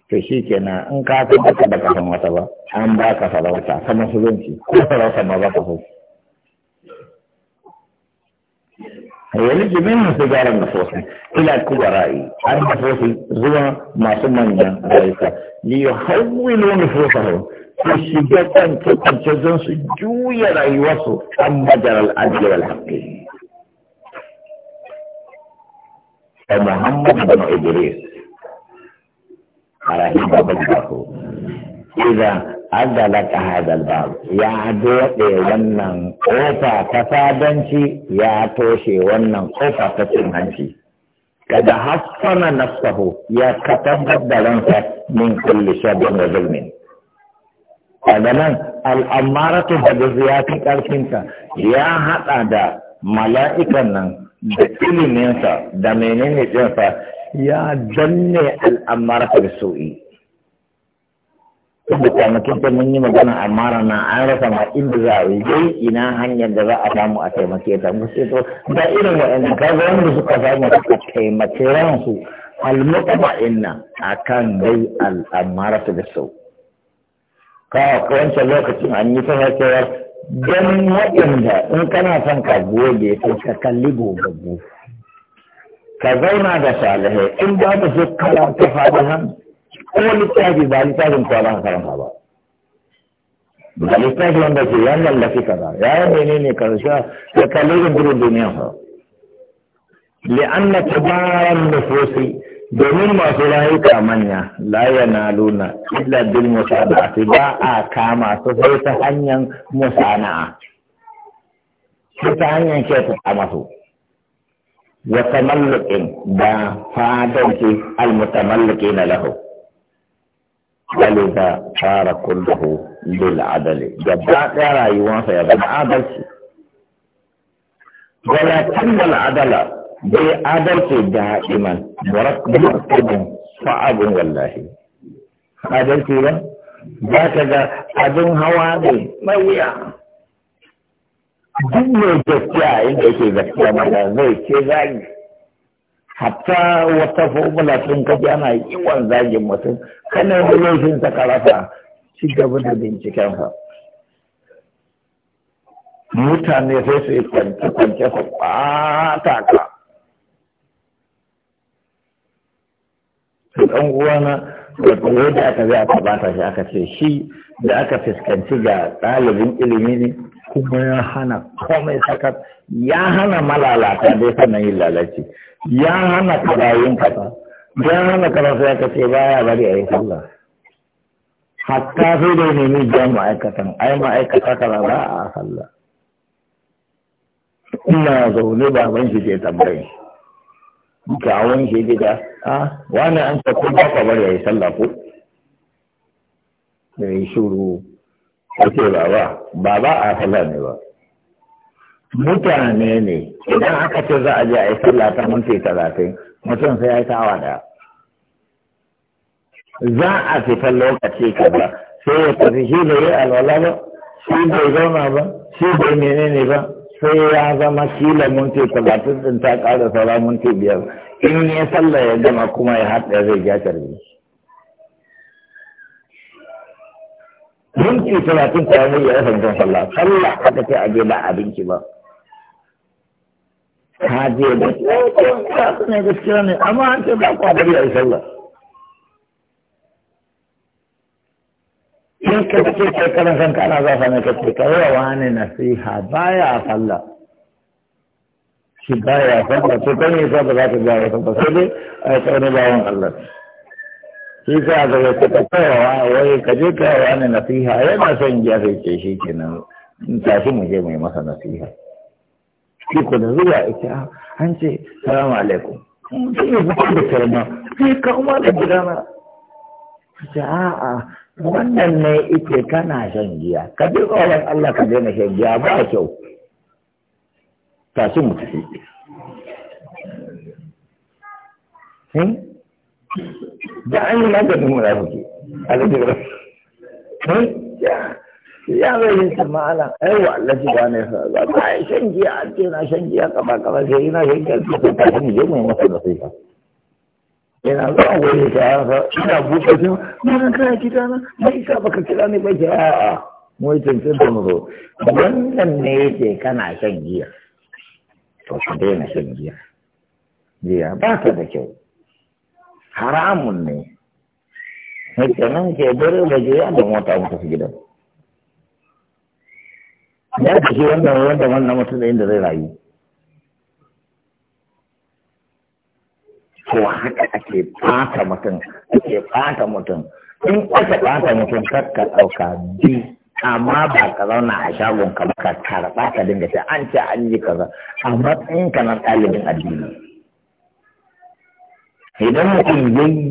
to shi kenan in ka san wata da kasan wata ba an ba ka sarauta ta musulunci ko sarauta ma ba ka so wani jimin na su gara na fosi ila kuwa ra'ayi an na fosi zuwa masu manyan rayuka li yi hawwilo na fosahu su shiga kwance kwance don su juya rayuwarsu an majar al'adiyar alhaƙi. Muhammad bin Idris arahin babban ko idan laka hadal bab ya dode wannan kofa ta fadanci ya toshe wannan kofa ta cin hanci kada hassana nafsahu ya katabbar da ransa min kulli shabin wa zulmin daga nan al'amaratu da ya fi ƙarfinsa, ya haɗa da mala'ikan nan da iliminsa da menene jinsa ya danne al'amara da so'i da kwanakin ta mun yi magana amara na an rasa ma inda za a yi ina hanyar da za a samu a taimake ta musu to da irin ka ga wanda suka samu suka taimake ransu almutaba inna akan dai al'amara da sau ka wancan lokacin an yi ta don waɗanda in kana son ka goge sai ka kalli gobe. ka zauna da salihai in ba ka so karanta fadihan ko littafi ba littafin ko ba karanta ba ba littafi wanda ke ya lallafi ba ya yi menene karshe da kalilin gudun duniya ba li'anna tabaran nufusi domin masu rayuka manya la luna, illa bil musana'ati ba a kama su sai ta hanyar musana'a ta hanyar kyauta a masu وتملك دا فادوك المتملكين له ولذا صار كله للعدل جبات يا رايوان فيبن عدل ولكن العدل بعدل دائما مركب صعب والله عدل ذاك ذا أدن هواني مويا duk mai gaskiya inda yake gaskiya mana zai ce zagi hatta wata formula sun kaji ana yawan zagin mutum kanan da ta sa karafa ci gaba da binciken sa mutane sai su yi kwance kwance su ɓata ka ɗan uwana wato yadda aka zai aka bata shi aka ce shi da aka fuskanci ga ɗalibin ilimi ne kuma ya hana komai sakar ya hana malalata dai sannan yin lalaci ya hana kadayin kasa ya hana kasa sai ka ce baya bari a yi sallah hatta sai dai nemi biyan ma'aikatan ai ma'aikata kaza ba a sallah ina zaune baban shi ke tambayi kawon shi gida a wani an ta kuma bari a yi sallah ko da yi shuru ake baba baba a sallah ne ba mutane ne idan aka ce za a je a yi sallah ta minti talatin mutum sai ya yi tawa da za a fita lokaci kaza sai ya tafi shi da yi alwala ba shi bai zauna ba shi bai menene ba sai ya zama kila minti talatin din ta ƙara sauran minti biyar in ya sallah ya gama kuma ya haɗa zai ja karbi minti talatin ta yi ya rasa sallah sallah aka ce a je ba abinci ba ka je da ya su ne gaskiya ne amma an ce ba kwa bari a yi sallah in ka ce karkarar san kana za ka ne ka ce yawa wani nasiha baya sallah shi baya sallah to kan yi sa ba za ka biya wata ba sai dai a yi tsaunin bawan Allah shi sa ga wata ta kawawa wai ka je kawawa ne nasiha yana son ya sai ce shi kenan tafi mu je mai masa nasiha shi ko da zuwa ita an ce salamu alaikum sai ya fito da kalma sai ka kuma da gidana ce a'a wannan ne ita kana shan giya ka je tsoron Allah ka daina shan giya ba kyau tashi mu tafi eh? da an yi maganin munafiki a lajira ya zai yin sama ala ai wa Allah shi bane sa ba ta yi shan giya a ce na shan giya kaba kaba sai yi shan giya ce ta ta ni je mu masa da sai ka ina zuwa wani ya shaya ah, sa ina buka shi ma na kira kita na na isa baka kira ne ba ke a a mu yi cancanta mu wannan ne yake kana shan giya to ka daina shan giya giya ba ta da kyau haramun ne nan ke bari da je ya da mota mu tafi gidan ya da shi wannan wanda wannan mutum da inda zai rayu to haka ake ɓata mutum ake ɓata mutum in aka ɓata mutum kar ka ɗauka bi amma ba ka zauna a shagon ka ba ka karɓa ka dinga ce an ce an yi kaza Amma in ka dalibin ɗalibin addini idan mutum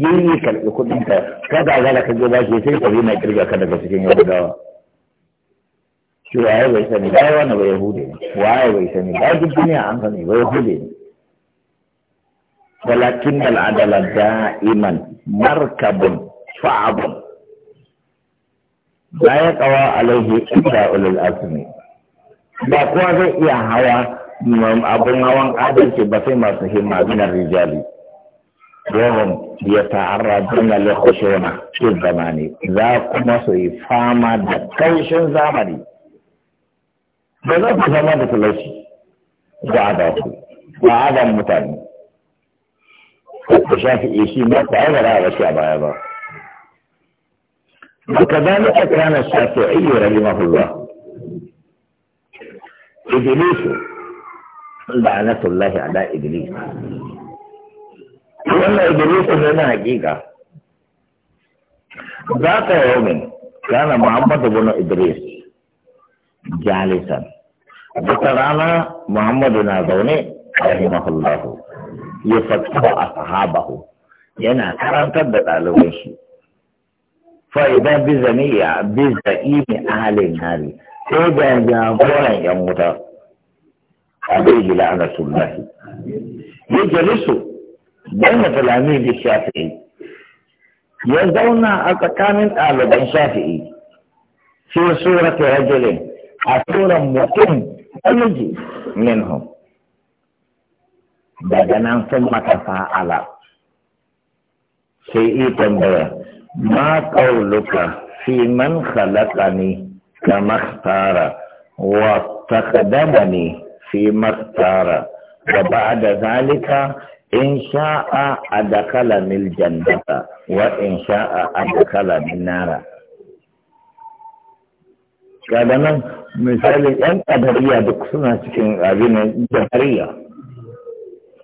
yayye karɓi kuɗin ka kada ga da ka je ba shi sai ka na kirga ka daga cikin yahudawa shi waye bai sani ba wani bai yahude ne waye bai sani ba duk duniya an sani bai yahude ne walakin adala da'iman markabun fa'abun la ya kawa alaihi inda ulul azmi ba kowa zai iya hawa abun hawan adalci ba sai masu himma minar rijali وهم يتعرضون لخشونة في الزمان ذاك كما سيفاما دكوش زامري بذلك كما دكوشي وعداكو وعدا متاني الشافعي شيء ما تعبر هذا الشعب أيضا وكذلك كان الشافعي رحمه الله إبليس لعنة الله على إبليس wannan idrisu ne na hakika za ka yi omen kana muhammadu bin idris jalisan duka rana muhammadu na zaune a rahimahullahu ya fatuwa a sahabahu yana karantar da ɗaliban shi fa'idan bizaniya bizaimi ahalin hali sai ga jagoran yan wuta abin gila ya jalisu بين تلاميذ الشافعي يزون أتكامل آل شافعي في سورة رجل عصورا متم المجي منهم بدنا ثم تفاعل شيء تنبيه ما قولك في من خلقني كما اختار واستخدمني فيما اختار وبعد ذلك in sha'a a dakala mil jannata wa in sha'a a dakala mil nara kaga nan misali yan kadariya duk suna cikin abin jabariya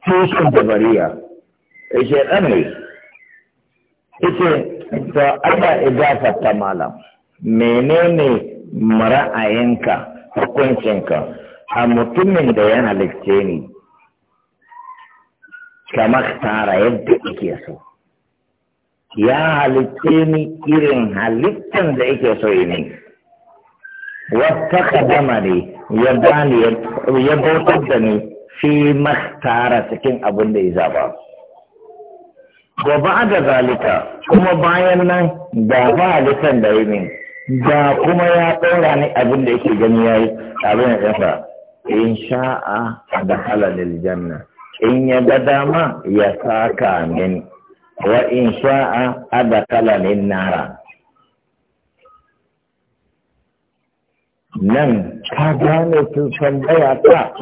su jabariya ishe eh, ɗan ne ita ta ana idafata malam menene mara'ayinka hukuncinka a mutumin da yana halicce ne kamar tara yadda ake so ya halitte ni irin halittan da yake so yi ne wata kadama ne ya bani ya bautar da ni fi maktara cikin abin da ya zaba Gobe ba da zalika kuma bayan nan da ba halittan da yi min da kuma ya ɗora ni abin da yake gani ya yi abin da ya in sha'a da halalin janna in ya ga dama ya saka min wa in sha'a adakala min nara nan ka gane tun tambaya ta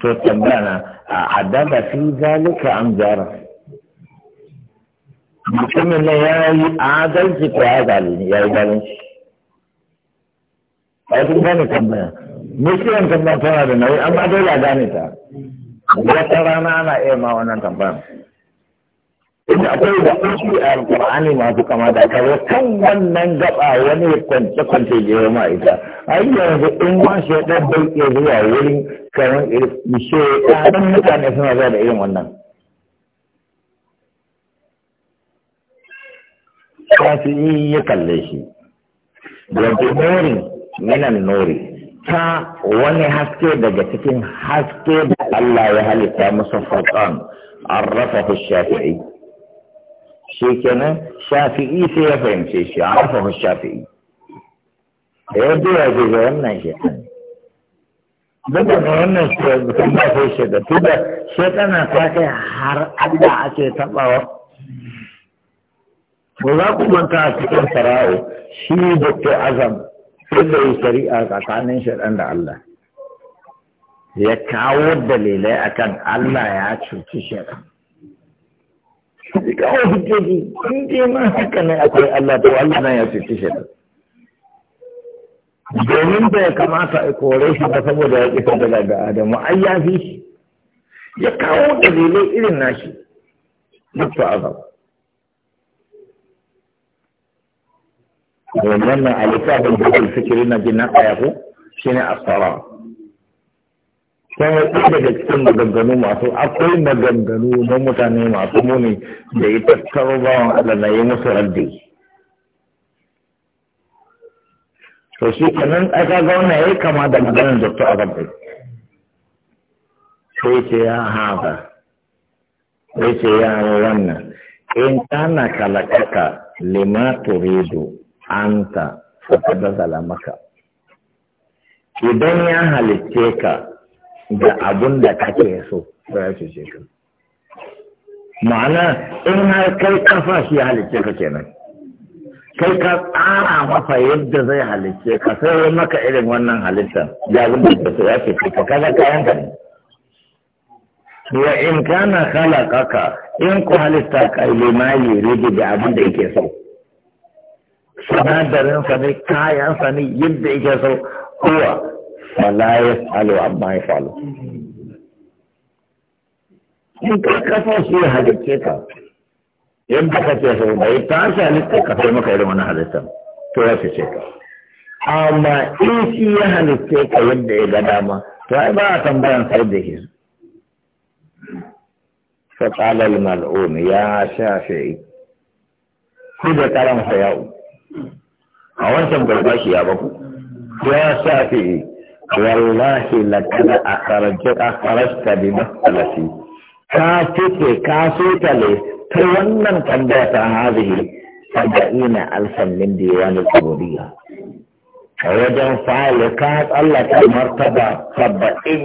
to tambaya na a adaba fi zalika am jara mutumin nan ya yi adalci ko ya zalunci ya yi zalunci a yi kun gane tambaya mutumin tambaya tana da nauyi amma dole a gane ta wata rana ana iya ma wannan tambayar. inda akwai da ƙunshi a alƙur'ani masu kama da kawo kan wannan gaba wani kwance-kwance da ya ma ita ai yanzu in ma shi ya bai iya zuwa wurin kamar ishe ɗan mutane suna zuwa da irin wannan kafi ya kalle shi da nori minan nori ta wani haske daga cikin haske da Allah ya halitta musu fatan arrafahu shafi'i shi kenan shafi'i sai ya fahimce shi arrafahu shafi'i da ya biya ga wannan shekan daga ga wannan shekan ba sai shi da tuba shekana ta kai har Allah ake tabawa ko za ku manta a cikin sara'o shi doktor azam tunda yi shari'a tsakanin shaɗan da Allah ya kawo dalilai akan Allah ya cuci shaɗan ya kawo hujjoji in dai ma haka ne akwai Allah to Allah nan ya cuci shaɗan domin da ya kamata a kore shi ba saboda ya ƙi daga ga Adamu ai ya fi shi ya kawo dalilai irin nashi duk ta azab ونن على كاب الفكر لنا جنا قياه شنا أسرع كان إذا جتكم مجنون ما سو أقول مجنون ما متاني ما سموني جاي تكربا على نيمو سردي فشي كان أكا قونا إيه كما دمجان دكتو أربي إيه. فيش يا هذا فيش يا رونا إن كان كالكاكا لما تريدو anta gazala maka idan ya halicce ka da abun da kake so sai ya ce ka ma'ana in har kai kafa shi ya halicce ka kenan kai ka tsara masa yadda zai halicce ka sai maka irin wannan halittar da abin da so ya ce ka kaga kayan ka ne wa in kana khalaqaka in ku halitta kai lima yuridu da abin da yake so سنادر انفني كاي انفني يبدي جسو هو فلا يفعل عما يفعل انت كفو سي هذا الكيكا يمتك جسو ما يتعرش عليك كفو ما كيرو منا هذا السم توافي شيكا اما ايسي يهني الكيكا يبدي قداما توافي بقى تنبيا سيده فقال الملعون يا شافعي خذ كلام فيعود a wancan bai ba shi ya ba ku ya shafi wallahi lakada a karanta a karasta bi masalasi ka fice ka sotale ta wannan tambaya ta hazihi saba'ina alfan min diwanin tsibiriya a wajen fa'ala ka tsallaka martaba saba'in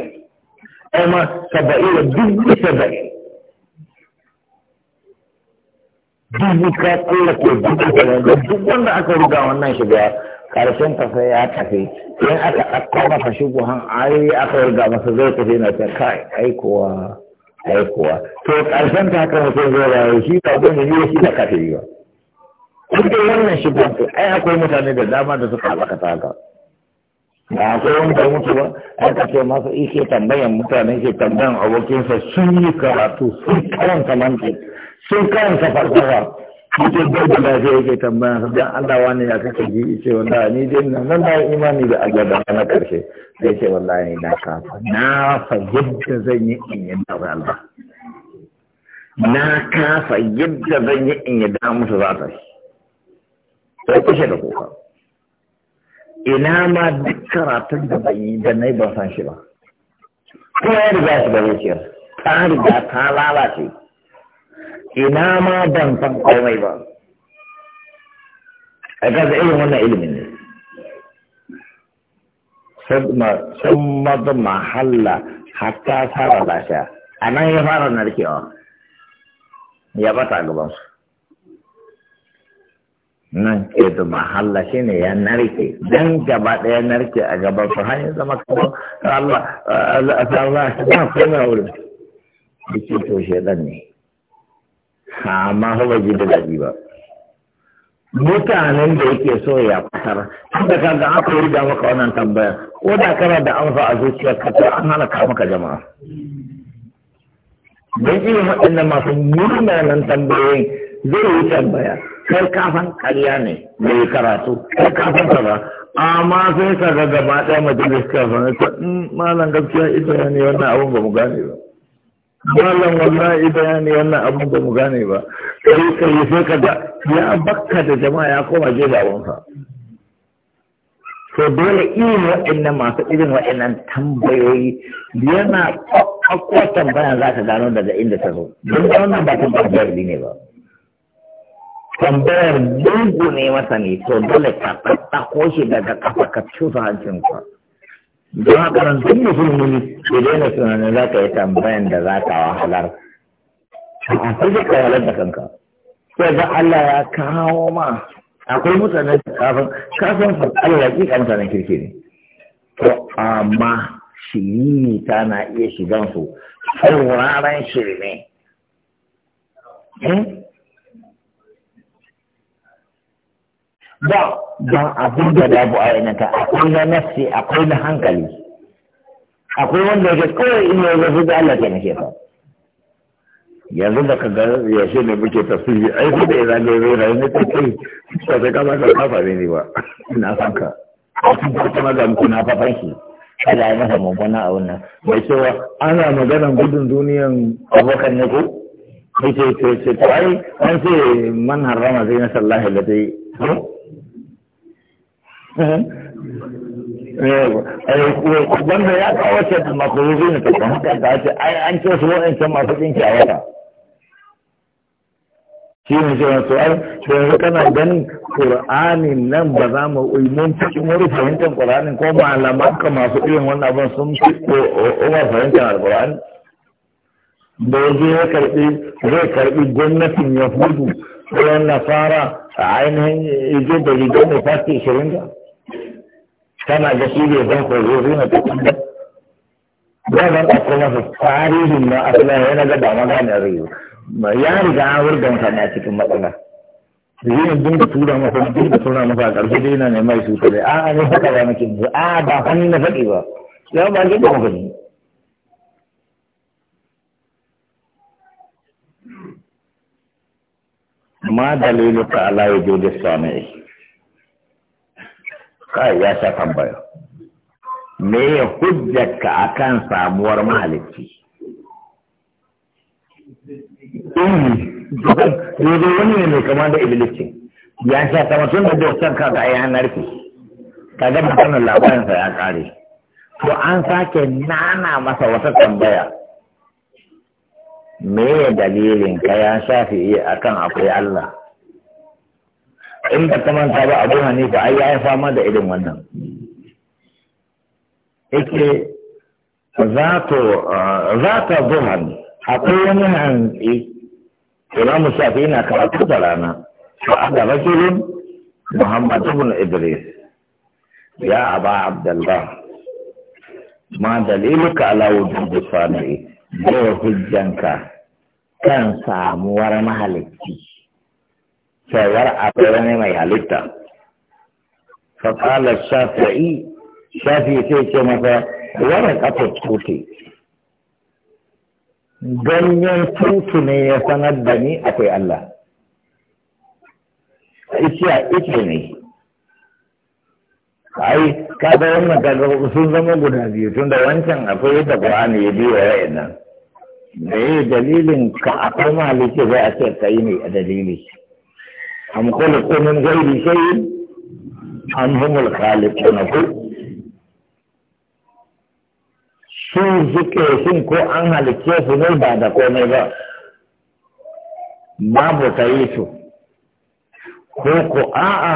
kuma saba'in da duk saba'in dubu ka ke dubu yanzu duk wanda aka ruga wannan shiga karshen ta sai ya tafi sai aka ɗauko masa han ai aka ruga masa zai tafi na ta kai ai kuwa ai kuwa to karshen ta haka mutum zai rayu shi ba gani ne shi da kafiri ba duk wannan shigo sai ai akwai mutane da dama da suka haɓaka ta haka da akwai wanda mutu ba aka ce masa ike tambayan mutane ke tambayan abokinsa sun yi karatu sun karanta manti sun karanta falsafa ita bai da lafiya yake tambayan sa dan Allah wani ya kake ji ice wanda ni dai na nan na imani da agaba na karshe sai ce wallahi na kafa na fa yadda zan yi in yi da Allah na kafa yadda zan yi in yi da musu za ta shi sai kushe da kuka ina ma duk karatun da ban yi da na ban san shi ba ko ya riga shi ba zuciyar ta riga ta lalace ina ma ban san komai ba a gaza irin wannan ilimin ne sun mazu mahalla hatta fara lasha a nan ya fara narkewa ya bata gabansu nan ke da mahalla shi ne ya narke dan gaba ɗaya narke a gaban su hanyar zama kamar Allah Allah shi ba kuma wurin da ke to shaidan ne amma ba ji da daɗi ba mutanen da yake so ya fitar da ka ga aka riga maka wannan tambaya ko da kana da amsa a zuciyar ka an hana ka maka jama'a don irin waɗannan masu murnanan tambayoyin zai yi tambaya kai kafan ƙarya ne mai karatu kai kafan ba amma sai ka ga gaba ɗaya majalis kafan ta mm, malam gaskiya ita ne wannan abun ba mu gane ba malam wannan ita ne wannan abun ba mu gane ba kai kai sai ka ga ya bakka da jama'a ya koma je da wansa to dole irin waɗannan masu irin waɗannan tambayoyi yana kwakwa tambaya za ta gano daga inda ta zo don wannan ba tambayar ne ba tambayar mugu ne masa ne to dole ka ɗaɗɗako shi daga kafa ka cusa hancin ka don haka nan duk musulmi ya daina tunanin za ka yi tambayan da za ka wahalar a sai ka wahalar da kanka sai ga Allah ya kawo ma akwai mutanen kafin kafin Allah ya kika mutanen kirki ne to amma shiri ta na iya shigan su sai wuraren shirme. Eh? ba don abin da babu a yanata akwai na nafsi akwai na hankali akwai wanda ya kawai in yau zafi da Allah ke nake fa yanzu da ka gano ya ce ne muke tasiri ai su da idan zai zai rayu ne ta kai ba sai kama ka kafa ne ne ba ina san ka kuma ga muku na fafan shi kada ya masa mummuna a wannan mai cewa ana maganan gudun duniyan abokan ne ko ce ce ce ta ai an ce man harrama zai na sallahi da dai Eh, eh, wanda ya kawo ce da makaruzi ne tafa haka ta ce ai an ce su can masu ɗinki a wata shi ne ce wasu ai da yanzu kana ganin ƙur'anin nan ba za mu uyi mun cikin wani fahimtar ƙur'anin ko malaman ka masu irin wannan abin sun fi umar fahimtar al alƙur'ani da yanzu ya karɓi zai karɓi gwamnatin yahudu ko nasara a ainihin ijo da rigar da fasti ishirin da kana ga shi bai zan koyo zai na tafi da wannan a kuma su tarihin na asalin yana ga dama gane a rayu ya riga an wurga mutane a cikin matsala zai din da tura masa da tura masa a ƙarshe dai na neman su kare a ne haka ba nake mu a ba hannu na faɗi ba ya ba ji ba mu ma dalilu ta ala ya kai ya sha tambaya me ya hujjarka akan samuwar mahalicci yanzu eh, wani ne mai kama da iblisci ya sha kama tun da dokar ka ga ya narke ka ga maganar labarinsa ya kare to an sake nana masa wata tambaya me ya dalilin ka ya shafi akan akwai Allah in ba ta manta ba abu ba ai ya fama da irin wannan yake za ta buhan akwai wani hanzi imamu shafi yana karatu da rana a ga rajulun muhammadu bin idris ya aba abdullah ma daliluka ala wujudu sami'i ne hujjanka kan samuwar mahalicci shawar a ne mai halitta faƙalar shafi'i shafi sai ce masa wani ƙafar tute ganyen tutu ne ya sanar da ni akwai Allah ikiya ike ne ai kaga wannan kaga sun zama guda biyu tun da wancan akwai yadda Qur'ani ya biyo wa'in nan da yi dalilin ka akwai mahaliki zai a ce ka yi ne a dalili am khuliqu min ghairi shay'in am humul khaliqun ko su suke sun ko an halicce su ne ba da komai ba babu ta yi su ko ko a'a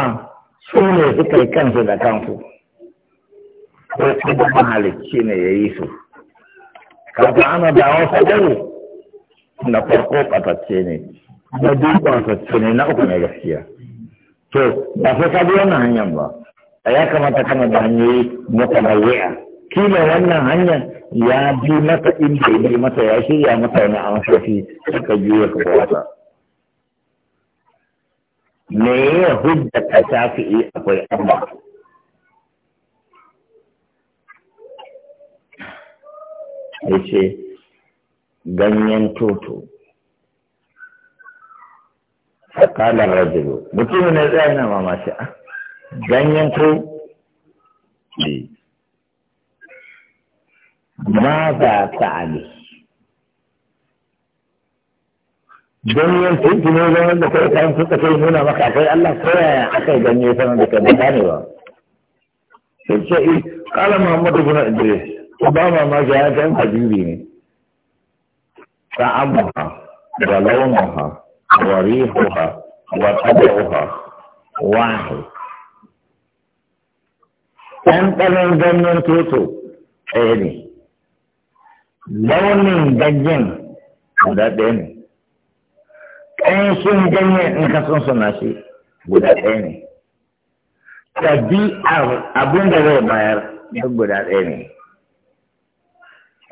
su ne suka yi kansu da kansu ko kuma mahalicci ne ya yi su kaga ana da na farko ɓatacce ne na dukkan ne na uku na gaskiya to ba sai ka bi wannan hanyar ba a ya kamata kana da hanyoyi mutanawwi'a kila wannan hanyar ya bi mata in bai bi mata ya shirya mata wani an shafi suka juya ka wata me ya hujja ka shafi'i akwai Allah ya ce ganyen toto kalan rajulu mutumin ne tsaye na a. ganyen ko eh. ma za ta ali ganyen tuntu ne zaman da kai kayan suka kai nuna maka kai Allah ko yaya aka yi ganye sanar da kai ba ne ba sai ce eh, kalan Muhammadu bin Idris ba mamaki ya ga habibi ne ta amma da lawan ha وريحها وطبعها واحد ɗanɗanon ganyen teto ɗaya ne ganyen guda ɗaya ne ƙanshin ganyen in ka son suna guda ɗaya ne ɗabi'ar abin da zai bayar guda ɗaya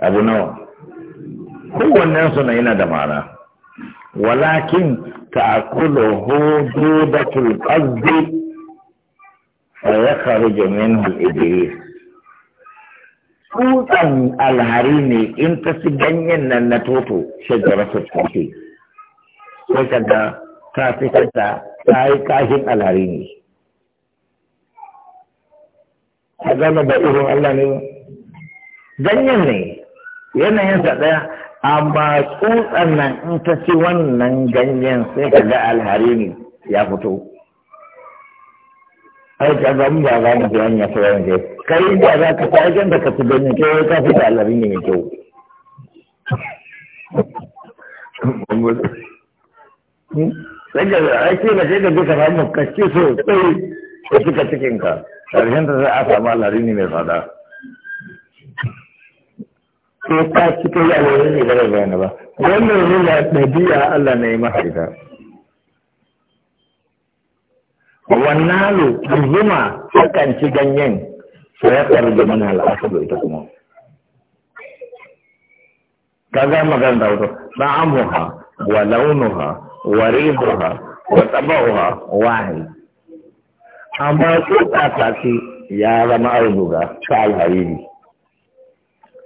abu nawa ma'ana ولكن تأكله دودة القصد فيخرج منه الإبليس tsutsan alhari ne in ta su ganyen nan na toto shajara su tsoke sai ka ga ta fi kanta ta yi kashin alhari ne a gane da irin Allah ne ganyen ne yanayin yanayinsa ɗaya amma tsutsan nan in ta ci wannan ganyen sai ka ga ne ya fito ai ka ga mu ba za mu ji wannan sai wanda kai da za ka ta gan da ka ci ganyen kai ka alhari ne mai kyau sai ga ake ba sai ka ji ka samu sai ka cika cikinka ƙarshen ta sai a samu ne mai tsada ko ta ci ta yi a wani ne gara gane ba wannan nuna ɗabi'a Allah na yi maka ita wannan zuma takan ci ganyen sai ya tsara da mana al'asulu ita kuma ka ga magana da wato na'amuha wa launuha wa rizuha wa tabauha wahi amma tsotsa ya zama arzuga ta alhariri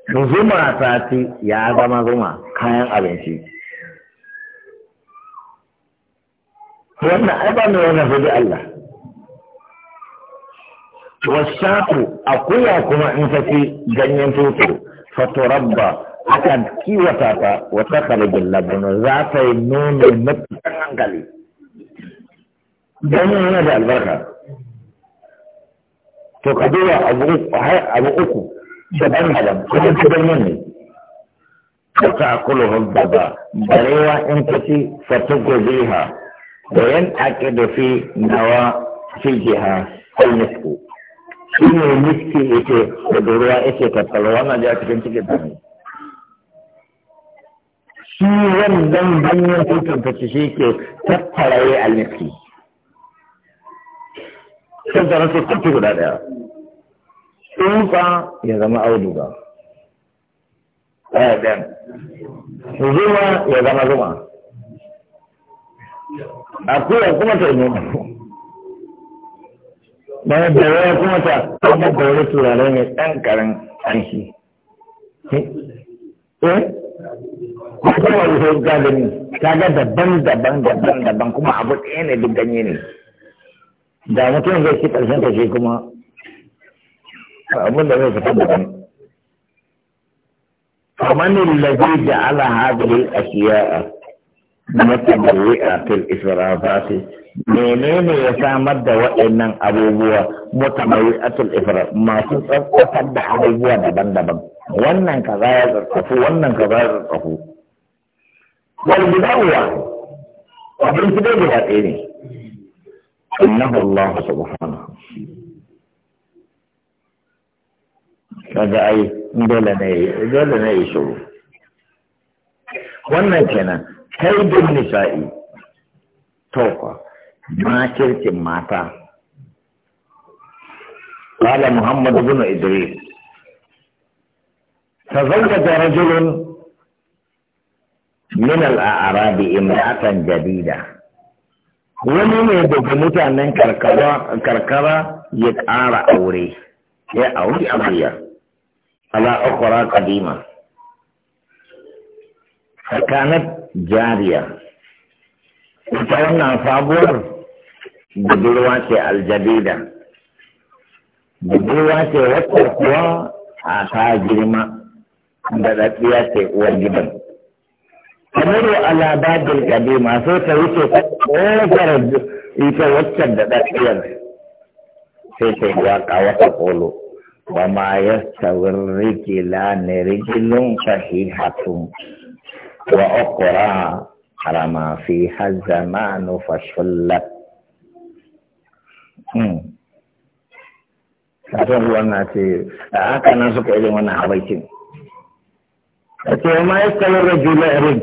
zuma ta ya zama zuma kayan abinci wannan ai ba mai Allah? Wasu Allah wasaku akuya kuma in ta ganyen toto faturabba akan kiwata ta wata karibin labuna za ta yi nono mafi hankali ganyen yana da albarka to ka duba abu uku daban daban kuma tudan ne ka ta akulu hubbaba barewa in ka ci fata goziha da yan ake da fi nawa fi jiha kai nisku shi ne niski yake da ruwa yake tattala wannan da cikin cikin da ne shi wannan ganyen tutun ta shi ke tattara ya yi alniski. Sai da rasu kuki guda daya. tsufa ya zama auduga ɗaya ɗan zuma ya zama zuma akuya kuma ta ino bayan da ya kuma ta kuma da wani turare mai ɗan karin ƙanshi eh kuma wani sai ta kaga daban daban daban daban kuma abu ɗaya ne duk ganye ne da mutum zai ci ƙarshen ta shi kuma abin da zai fita فمن الذي جعل هذه الأشياء متبرئة في الإسرافات منين يسامد وإن أبوبوا متبرئة الإفراط ما تصد أبوبوا دبن دبن وإن كذا يرقفوا وإن كذا يرقفوا والبداء واحد وبالبداء إيه؟ إنه الله سبحانه kaga ai dole ne dole ne shiru wannan kenan kai bin nisa'i tauka makircin mata قال محمد بن إدريس تزوج رجل من الأعراب امرأة جديدة wani ne daga mutanen karkara ya ƙara aure ya aure ala ukhra qadima kanat jariya ita wannan sabuwar budurwa ce aljadida budurwa ce wacce kuwa a ta girma da tsakiya ce uwar gidan kamaru ala babin sai ta wuce ta ƙofar ita wacce da tsakiyar sai ta yi waƙa wata ƙolo وما يستوي الرجلان رجل صحيحة وأخرى حرم فيها الزمان فشلت kafin ruwan na ce a haka nan suka irin wannan habaikin a ce ma ya kalar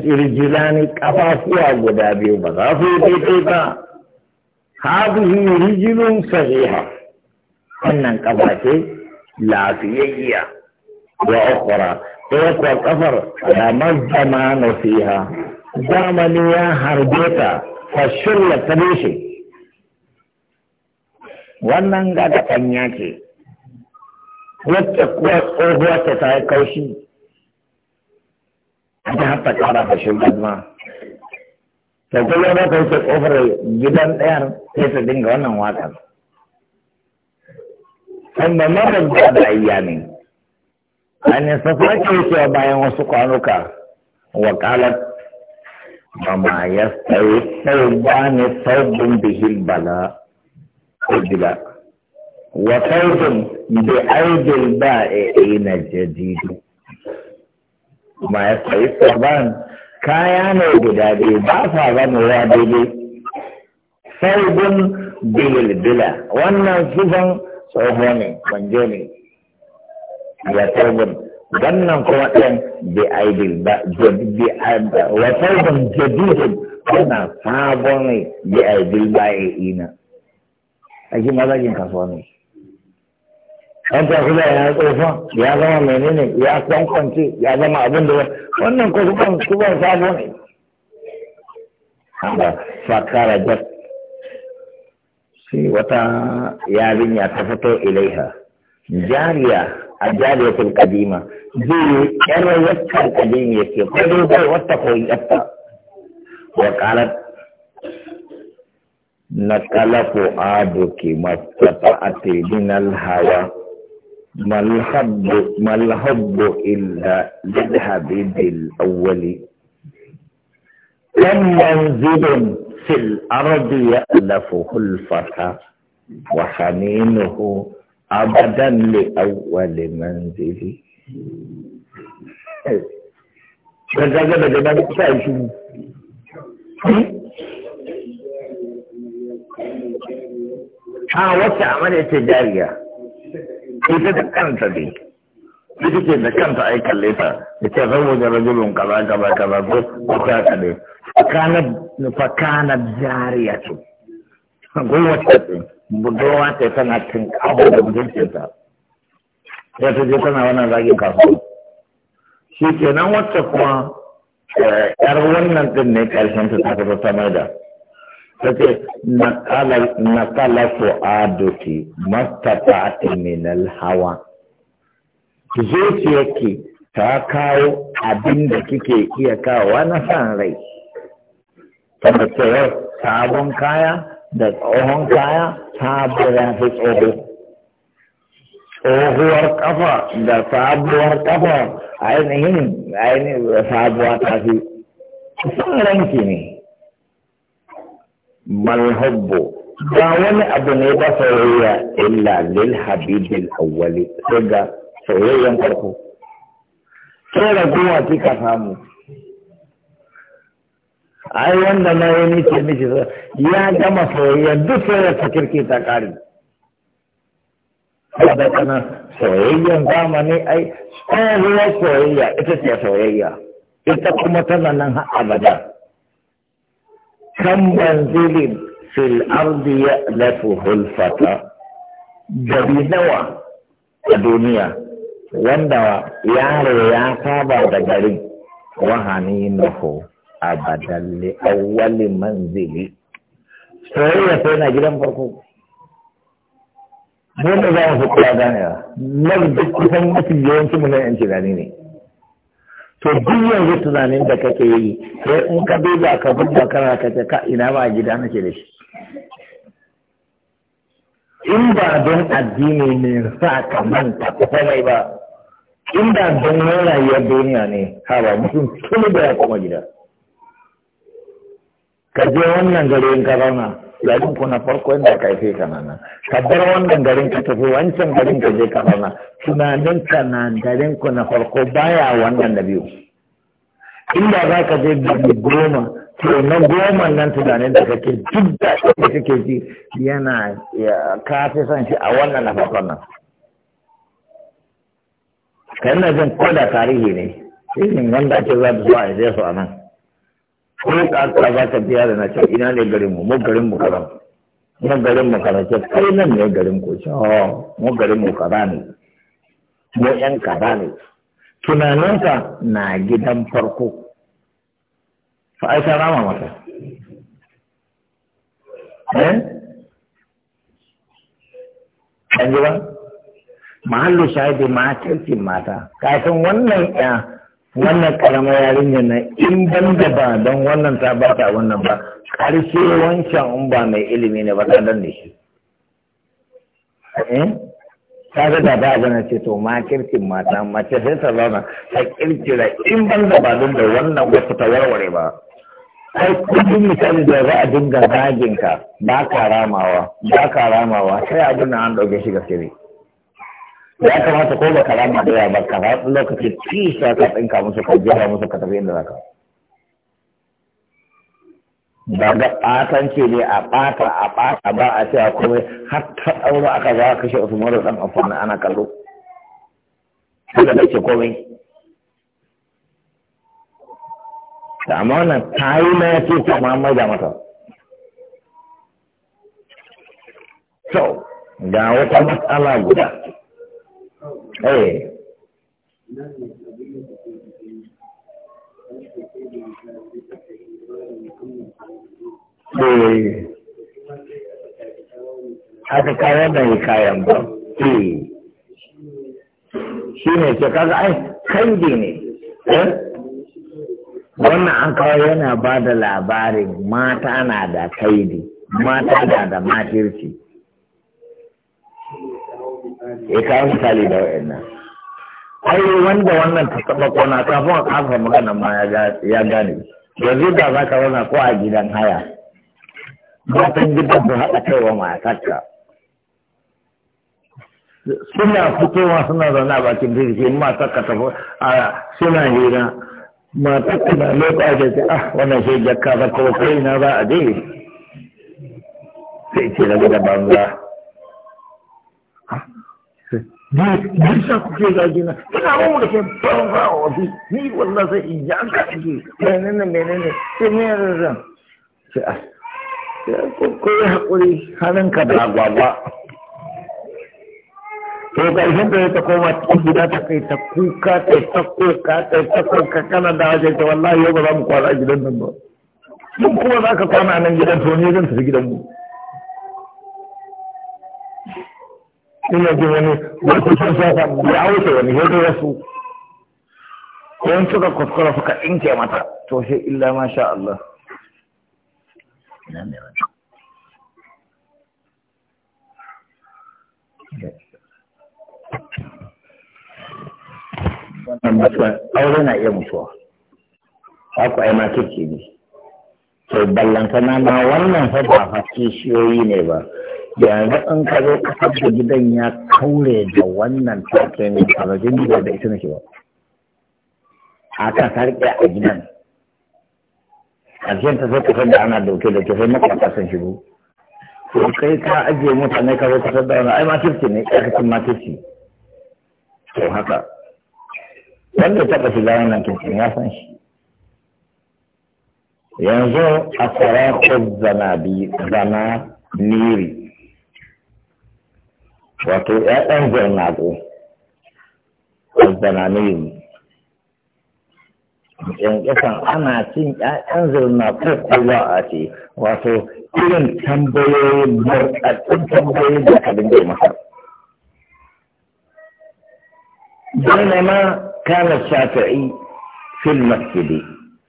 rijila ne kafafuwa guda biyu ba za su yi daidai ba hadihi rijilun sahiha wannan kafa ce lafiyayya wa ukhra ɗaya kuwa kafar da mazamanu fiha zamani ya harbe ta fashirla ta rushe wannan ga da ɗanya ce wacce kuwa tsohuwa ta ta yi kaushi A ta hatta ƙara fashirla ma ta kuma ba ta wuce ƙofar gidan ɗayar sai ta dinga wannan waƙar amma marar da da ayyami an yi safake wucewa bayan wasu kwanuka wa kalat ba ma ya tsaye tsaye ba ne bihil bala wa saubin bi aidil ba'i e, e na jadidu ma ya tsaye tsaban kaya guda biyu ba sa zama wa daidai saubin bihil bila wannan sufan tsoho ne ne ya tsohon wannan kuma ɗan bi aidil ba wa tobin jadidin wannan sabon ne bi aidil ba ya e ina a shi mazajin kasuwa ne an ta kuma ya tsofa ya zama menene ya kwankwance ya zama abin da wannan kuma sabon ne haka fakara jasta sai wata yarinya ta fito ilaiha jariya a jariyatul kadima zai yar wata kadima yake ko dai wata koyi yatta wa qalat nakala fu'aduki mastata'ati minal hawa mal habbu mal habbu illa lidhabi bil awwali lam manzilun في الأرض يألفه الفخر وحنينه أبدا لأول منزلي ها وسع عملية تجارية كيف تتكلم likita da kanta ai kalle ta da ta zama da rajulun kaza kaza kaza ko ko ka kade fakana fakana jariya ce gwamnati ce budowa ta tana cin abu da mutuncin ta ya ta je tana wannan zagin kasuwa shi kenan wacce kuma eh, yar wannan din ne karshen ta ta fito ta maida ta ce na kala fu'aduki mastata'ati min al-hawa zuciyarki ta kawo abin da kike iya kawo na san rai ta cewa sabon kaya da tsohon kaya sabuwar fi tsoho tsohuwar kafa da sabuwar kafa ainihin ainihin sabuwa ta fi san ranki ne malhubbo ba wani abu ne ba sauraya illa lil habibin awwali daga soyayyen farko sai raguwa ce ka samu ai wanda na yi nice mishi ya gama soyayya duk soyayya ta kirki ta kare da kana soyayyen zamani ai tsohuwar soyayya ita ce soyayya ita kuma tana nan har abada kan manzilin fil ardi ya lafuhul fata gari nawa a duniya wanda yaro ya saba da gari wahani a abadan li awwali manzili soyayya sai na gidan farko mun da za mu kula ganewa nan duk kusan mafi yawanci mu nan yanci gani ne to duk yanzu tunanin da kake yi sai in ka duba ka duba kana ka ce ka ina ba gida nake da shi in ba don addini ne sa ka manta mai ba inda don ya duniya ne haba mutum tuni da ya koma gida ka je wannan garin ka zauna yayin ku na farko inda ka haife ka na. ka bar wannan garin ka tafi wancan garin ka je ka zauna tunanin ka na garin ku na farko baya wannan da biyu inda za ka je gari goma to na goma nan tunanin da kake duk da kake ji yana ka fi son shi a wannan na farko nan kan na jin ko da tarihi ne ne wanda ake za da a zai su a nan ko ka ka za ka biya da na ce ina ne garin mu mu garin mu karam mu garin mu karam ce kai nan ne garin ku ce oh mu garin mu kaza ne mu yan kaza ne tunaninka na gidan farko fa ai ta rama mata eh an ji ba mahallu shahidi matarcin mata kafin wannan ya wannan karamar yarinya na in ban da ba don wannan ta ba ta wannan ba karshe wancan in ba mai ilimi ne ba ta dan da shi eh? ta ga da ba gana ce to kirkin mata mace sai ta zauna ta kirkira in ban da ba don da wannan wasu ta warware ba ai kudin misali da za a dinga zagin ka ba ka ramawa ba ka ramawa sai abin nan an ɗauke shi ga sirri ya kamata ko ba karama da yawa ba ka ba lokaci kisa ka tsinka musu ka jira musu ka tafi inda zaka ba ga ɓatance ne a ɓata a ɓata ba a cewa komai har ta ɗaura aka za kashe usman da ɗan amfani ana kallo kada da ce komai da amma wannan ta yi na ya ce ta ma da mata so ga wata matsala guda Eh. eh haka kayan da yi kayan ba eh. shi ne ke kaga ai kandi ne eh? wannan an kawo yana ba da labarin mata na da kaidi mata na da matirci ya kawo misali da nan ai wanda wannan ta taba kona kafin a kafa magana ma ya gane yanzu da za ka zauna ko a gidan haya matan gidan su haɗa kai wa matarka suna fitowa suna zaune a bakin jirgi matarka ta suna hira matarka na lokacin da ce ah wannan shi jakka ba ko kai na za a je sai ce daga da banza bai sa ku ke zage na ina mu da ke ban fa wabi ni wallahi sai in ji an ka ake ne ne? sai me yarda sai a ko ya hakuri halin ka da gwagwa to ƙarshen da ta koma cikin gida ta kai ta kuka ta ta kuka ta ta kuka kana da wajen ta wallahi yau ba za mu kwana gidan nan ba mun kuma za ka kwana nan gidan to ne zan tafi gidan mu kuna jin wani wasu sun ya wuce wani ya wasu in suka kuskura suka inke mata to sai illa ma sha Allah aure na iya mutuwa ku ai makirci ne to ballantana na. wannan fa ba fa kishiyoyi ne ba yanzu an ka zo kasar da gidan ya kaure da wannan takin alajin gida da ita nake ba a kan sarƙe a gidan ƙarshen ta sai kasar da ana dauke da tafai maka kasan shigo to kai ka ajiye mutane ka zo kasar da wani ai matirci ne ƙarƙashin matirci to haka wanda ta taɓa zaren nan kirkin ya san shi yanzu a ko zana niri wato ‘ya'yan zarnago albananiyu yan kasan ana cin ‘ya'yan zarnago ko ba a ce wato irin tambayoyin marƙaƙin tambayoyin da ka dinga masa don ma kana shafi'i fil masjidi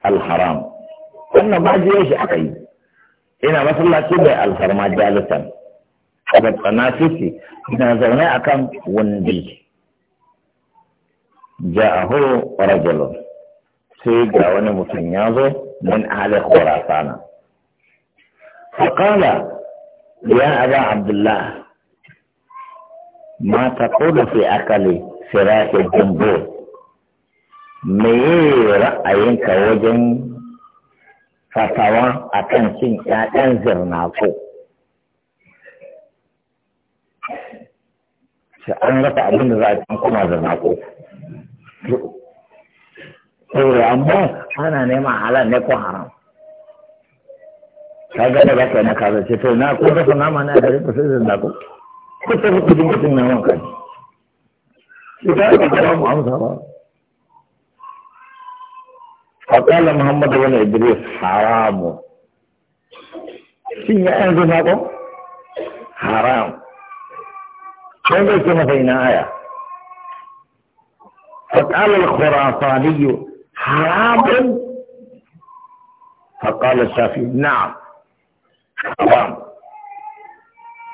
alharam wannan ma je shi aka yi ina masallaci mai alfarma jalisan da fanafisi na zaune akan wundi ja'ahu rajulun sai ga wani mutum ya zo min ahli khurasana faqala ya aba abdullah ma taqulu fi akali firash al-jumhur me ra'ayinka wajen fatawa akan cin ƴaƴan zirnako sai an rasa abin da za a cikin kuma da nako saboda amma ana neman halal ne ko haram ka ga da za na kaza ce to na ko dafa nama na gari ba sai da nako ko ta fi kudin mutum na wanka ne ta yi kama mu amsa ba فقال محمد بن إدريس حرام شيء يعني ذنبه حرام كم بيت مثلا آية فقال الخرافاني حرام فقال الشافعي نعم حرام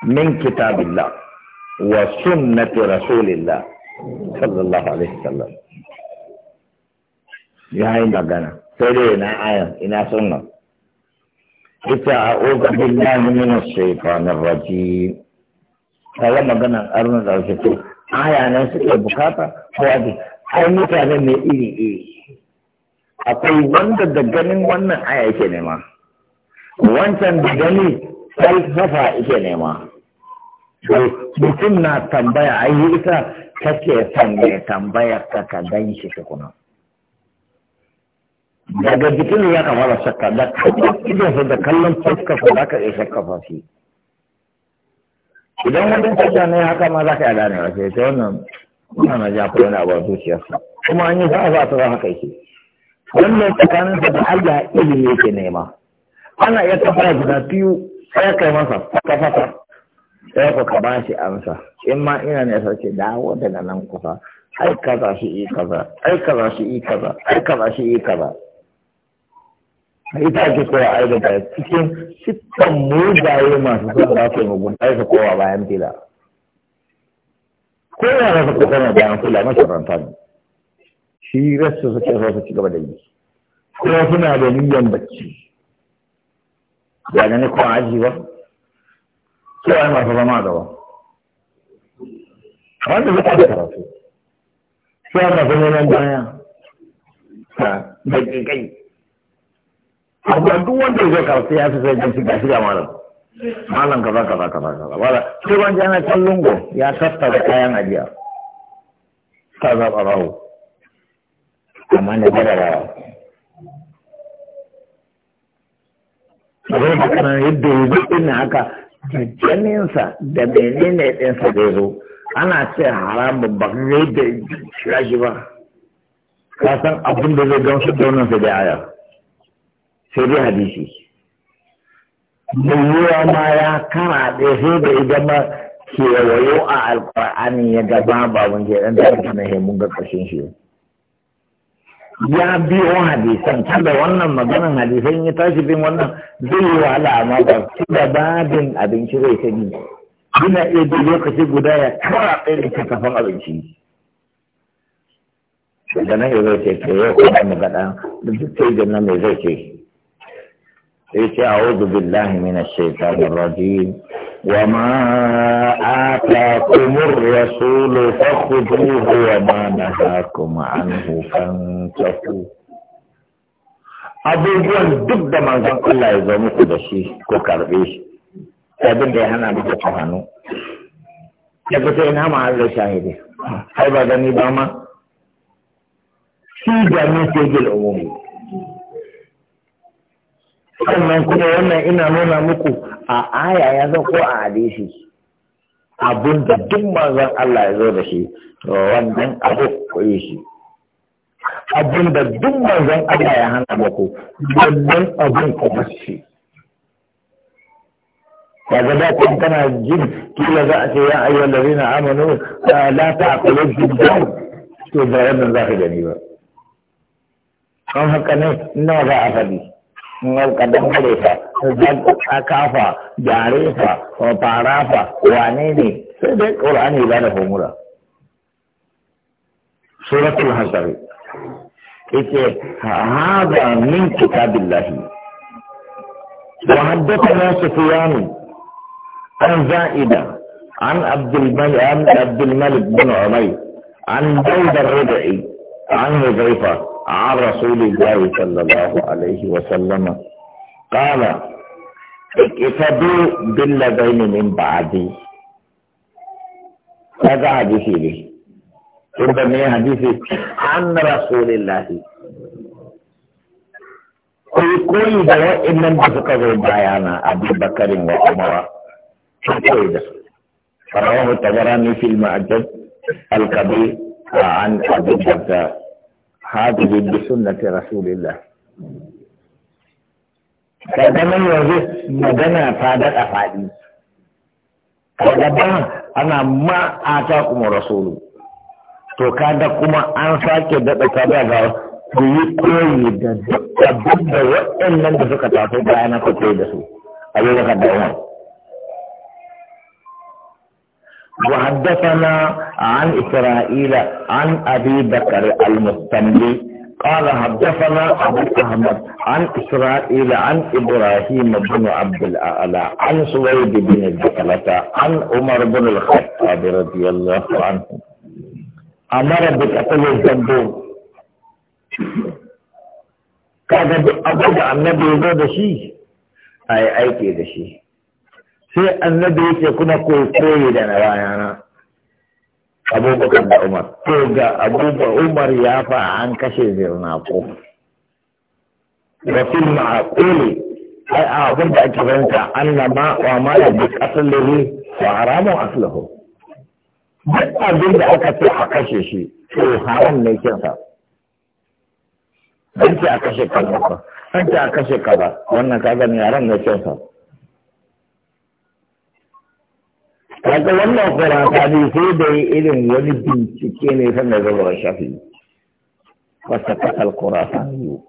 من كتاب الله وسنة رسول الله صلى الله عليه وسلم يا هاي مغانا سيدنا آية إنا آية، سنة إذا أعوذ بالله من الشيطان الرجيم kawo magana aruna da wasu ce. aya nan suke bukata ko abin ai mutane mai iri iri akwai wanda da ganin wannan aya yake nema wancan da gani zafa yake nema mutum na tambaya ai ita kake son mai tambayar ka ka gan shi tukuna daga jikin ya kamar shakka da kallon idonsa da kallon fuska ko za ka iya shakka fashi idan wajen tafiya ne haka ma za ka yi gane wa sai ta wannan kuma na ja kuma na abuwa zuciya kuma an yi sa'a za ta za haka yake wannan tsakaninsa da Allah ilimi yake nema ana iya tafiya guda biyu sai kai masa faka sai ka ba bashi amsa in ma ina ne sarki dawo daga nan kusa ai kaza shi i kaza ai kaza shi i kaza ai kaza shi i kaza ita ake koya ta cikin cikin mugaye masu son za su yi mugunta ya kowa bayan fila ko yana rasa ko kana bayan fila masharanta ne shi rasu suke so su ci gaba da yi ko suna da niyyar bacci ya gani kowa aji ba so yi masu zama gaba wanda suka da karatu so yi masu neman baya da kai amma duk wanda ya zo karatu ya fi sai ganci ga shiga malam malam kaza kaza kaza kaza wala sai wanda yana can lungo ya tattara kayan ajiya ta zaɓa rahu amma na gara rawa abin da kana yadda ya zo ɗin haka janinsa da menene ɗinsa da ya zo ana ce haramun ba yadda ya shi ba ka san abin da zai gamsu da wannan sai da aya sai dai hadisi yiwuwa ma ya kara ɗaya sai da idan ma kewayo a alƙur'ani ya ga babun ya ɗan da na ga ƙarshen shi ya biyo hadisan kada wannan maganan hadisan ya tashi bin wannan zai yi wahala amma ba su da babin abinci zai sani yana iya bi lokaci guda ya kara ɗaya da kafan abinci da nan ya zai ce ke yau kuma magana da duk sai da mai zai ce يقول أعوذ بالله من الشيطان الرجيم وما آتاكم الرسول فخذوه وما نهاكم عنه فانتهوا abubuwan duk da manzon Allah ya zo muku da shi ko karbe shi abin da ya hana muku ta hannu ya fito ina ma Allah shahidi har ba gani ba ma shi da ne gil umumi sannan kuma wannan ina nuna muku a aya ya zo ko a hadisi abun da duk manzon Allah ya zo da shi to wannan abu ko yi shi abun da duk manzon Allah ya hana muku wannan abun ko bar shi kaga da kun kana jin kila za a ce ya ayyuhal ladina amanu la ta'qulu bidan to da wannan za ka gani ba kan haka ne nawa ga hadisi nau ka dangare fa ka kafa gyare fa fara fa wane ne sai dai qur'ani ba da formula suratul hasari yace hada min kitabillahi wa haddathana sufyan an za'ida an abdul malik an abdul malik bin umay an dawud ar-rabi'i an hudayfa عن رسول الله صلى الله عليه وسلم قال اكتبوا بالذين من بعدي هذا حديثي لي ثم حديثي عن رسول الله في كل ده إن لم تفقدوا بيانا أبي بكر وعمر في رواه الطبراني في المعجم الكبير عن أبي بكر hadihi bi sunnati rasulillah kaga nan yanzu magana ta daɗa faɗi kaga ba ana ma ata kuma rasulu to kaga kuma an sake daɗa kaga ga ku yi koyi da duk abin waɗannan da suka tafi baya na koyi da su a yau da وحدثنا عن إسرائيل عن أبي بكر المستملي قال حدثنا أبو أحمد عن إسرائيل عن إبراهيم بن عبد الأعلى عن سويد بن بكرة عن عمر بن الخطاب رضي الله عنه أمر بقتل الزبون كان أبو النبي هو شيء أي أي كده شيء sai annabi yake kuma koyi koyi da na bayana abubakar da umar ko ga abubakar umar ya fa an kashe zirna ko wasu ma'akuli ai a abin da ake fahimta Allah ma wa mala bi asalihi wa haramun aslahu duk abin da aka ce a kashe shi to haram ne kinsa an ce a kashe kaza an ce a kashe kaza wannan kaga ne haram ne kinsa kaga wannan kwarata ne sai da yi irin wani bincike ne ta da zaba shafi wata kasal kurata yiwu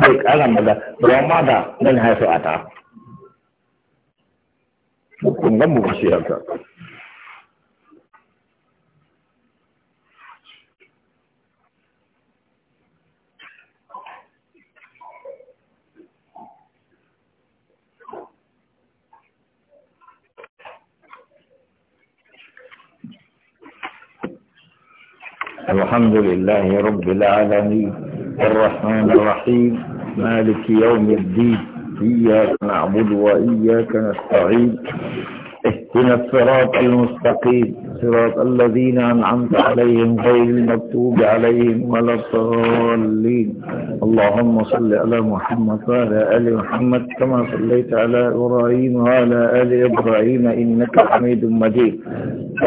bai kara maza ba ma da nan haifu a ta kun gan mu ba shi الحمد لله رب العالمين الرحمن الرحيم مالك يوم الدين إياك نعبد وإياك نستعين من الصراط المستقيم صراط الذين أنعمت عليهم غير المكتوب عليهم ولا الضالين اللهم صل على محمد وعلى آل محمد كما صليت على إبراهيم وعلى آل إبراهيم إنك حميد مجيد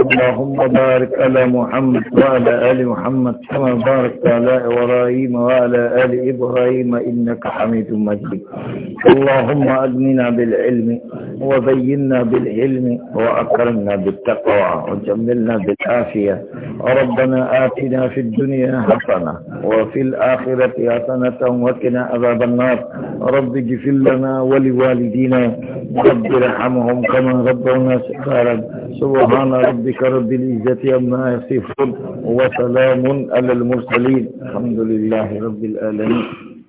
اللهم بارك على محمد وعلى آل محمد كما باركت على إبراهيم وعلى آل إبراهيم إنك حميد مجيد اللهم أدمنا بالعلم وبينا بالعلم وأكرمنا بالتقوى وجملنا بالعافية ربنا آتنا في الدنيا حسنة وفي الآخرة حسنة وكنا عذاب النار رب اغفر لنا ولوالدينا رب ارحمهم كما ربونا صغارا سبحان ربك رب العزة عما يصفون وسلام على المرسلين الحمد لله رب العالمين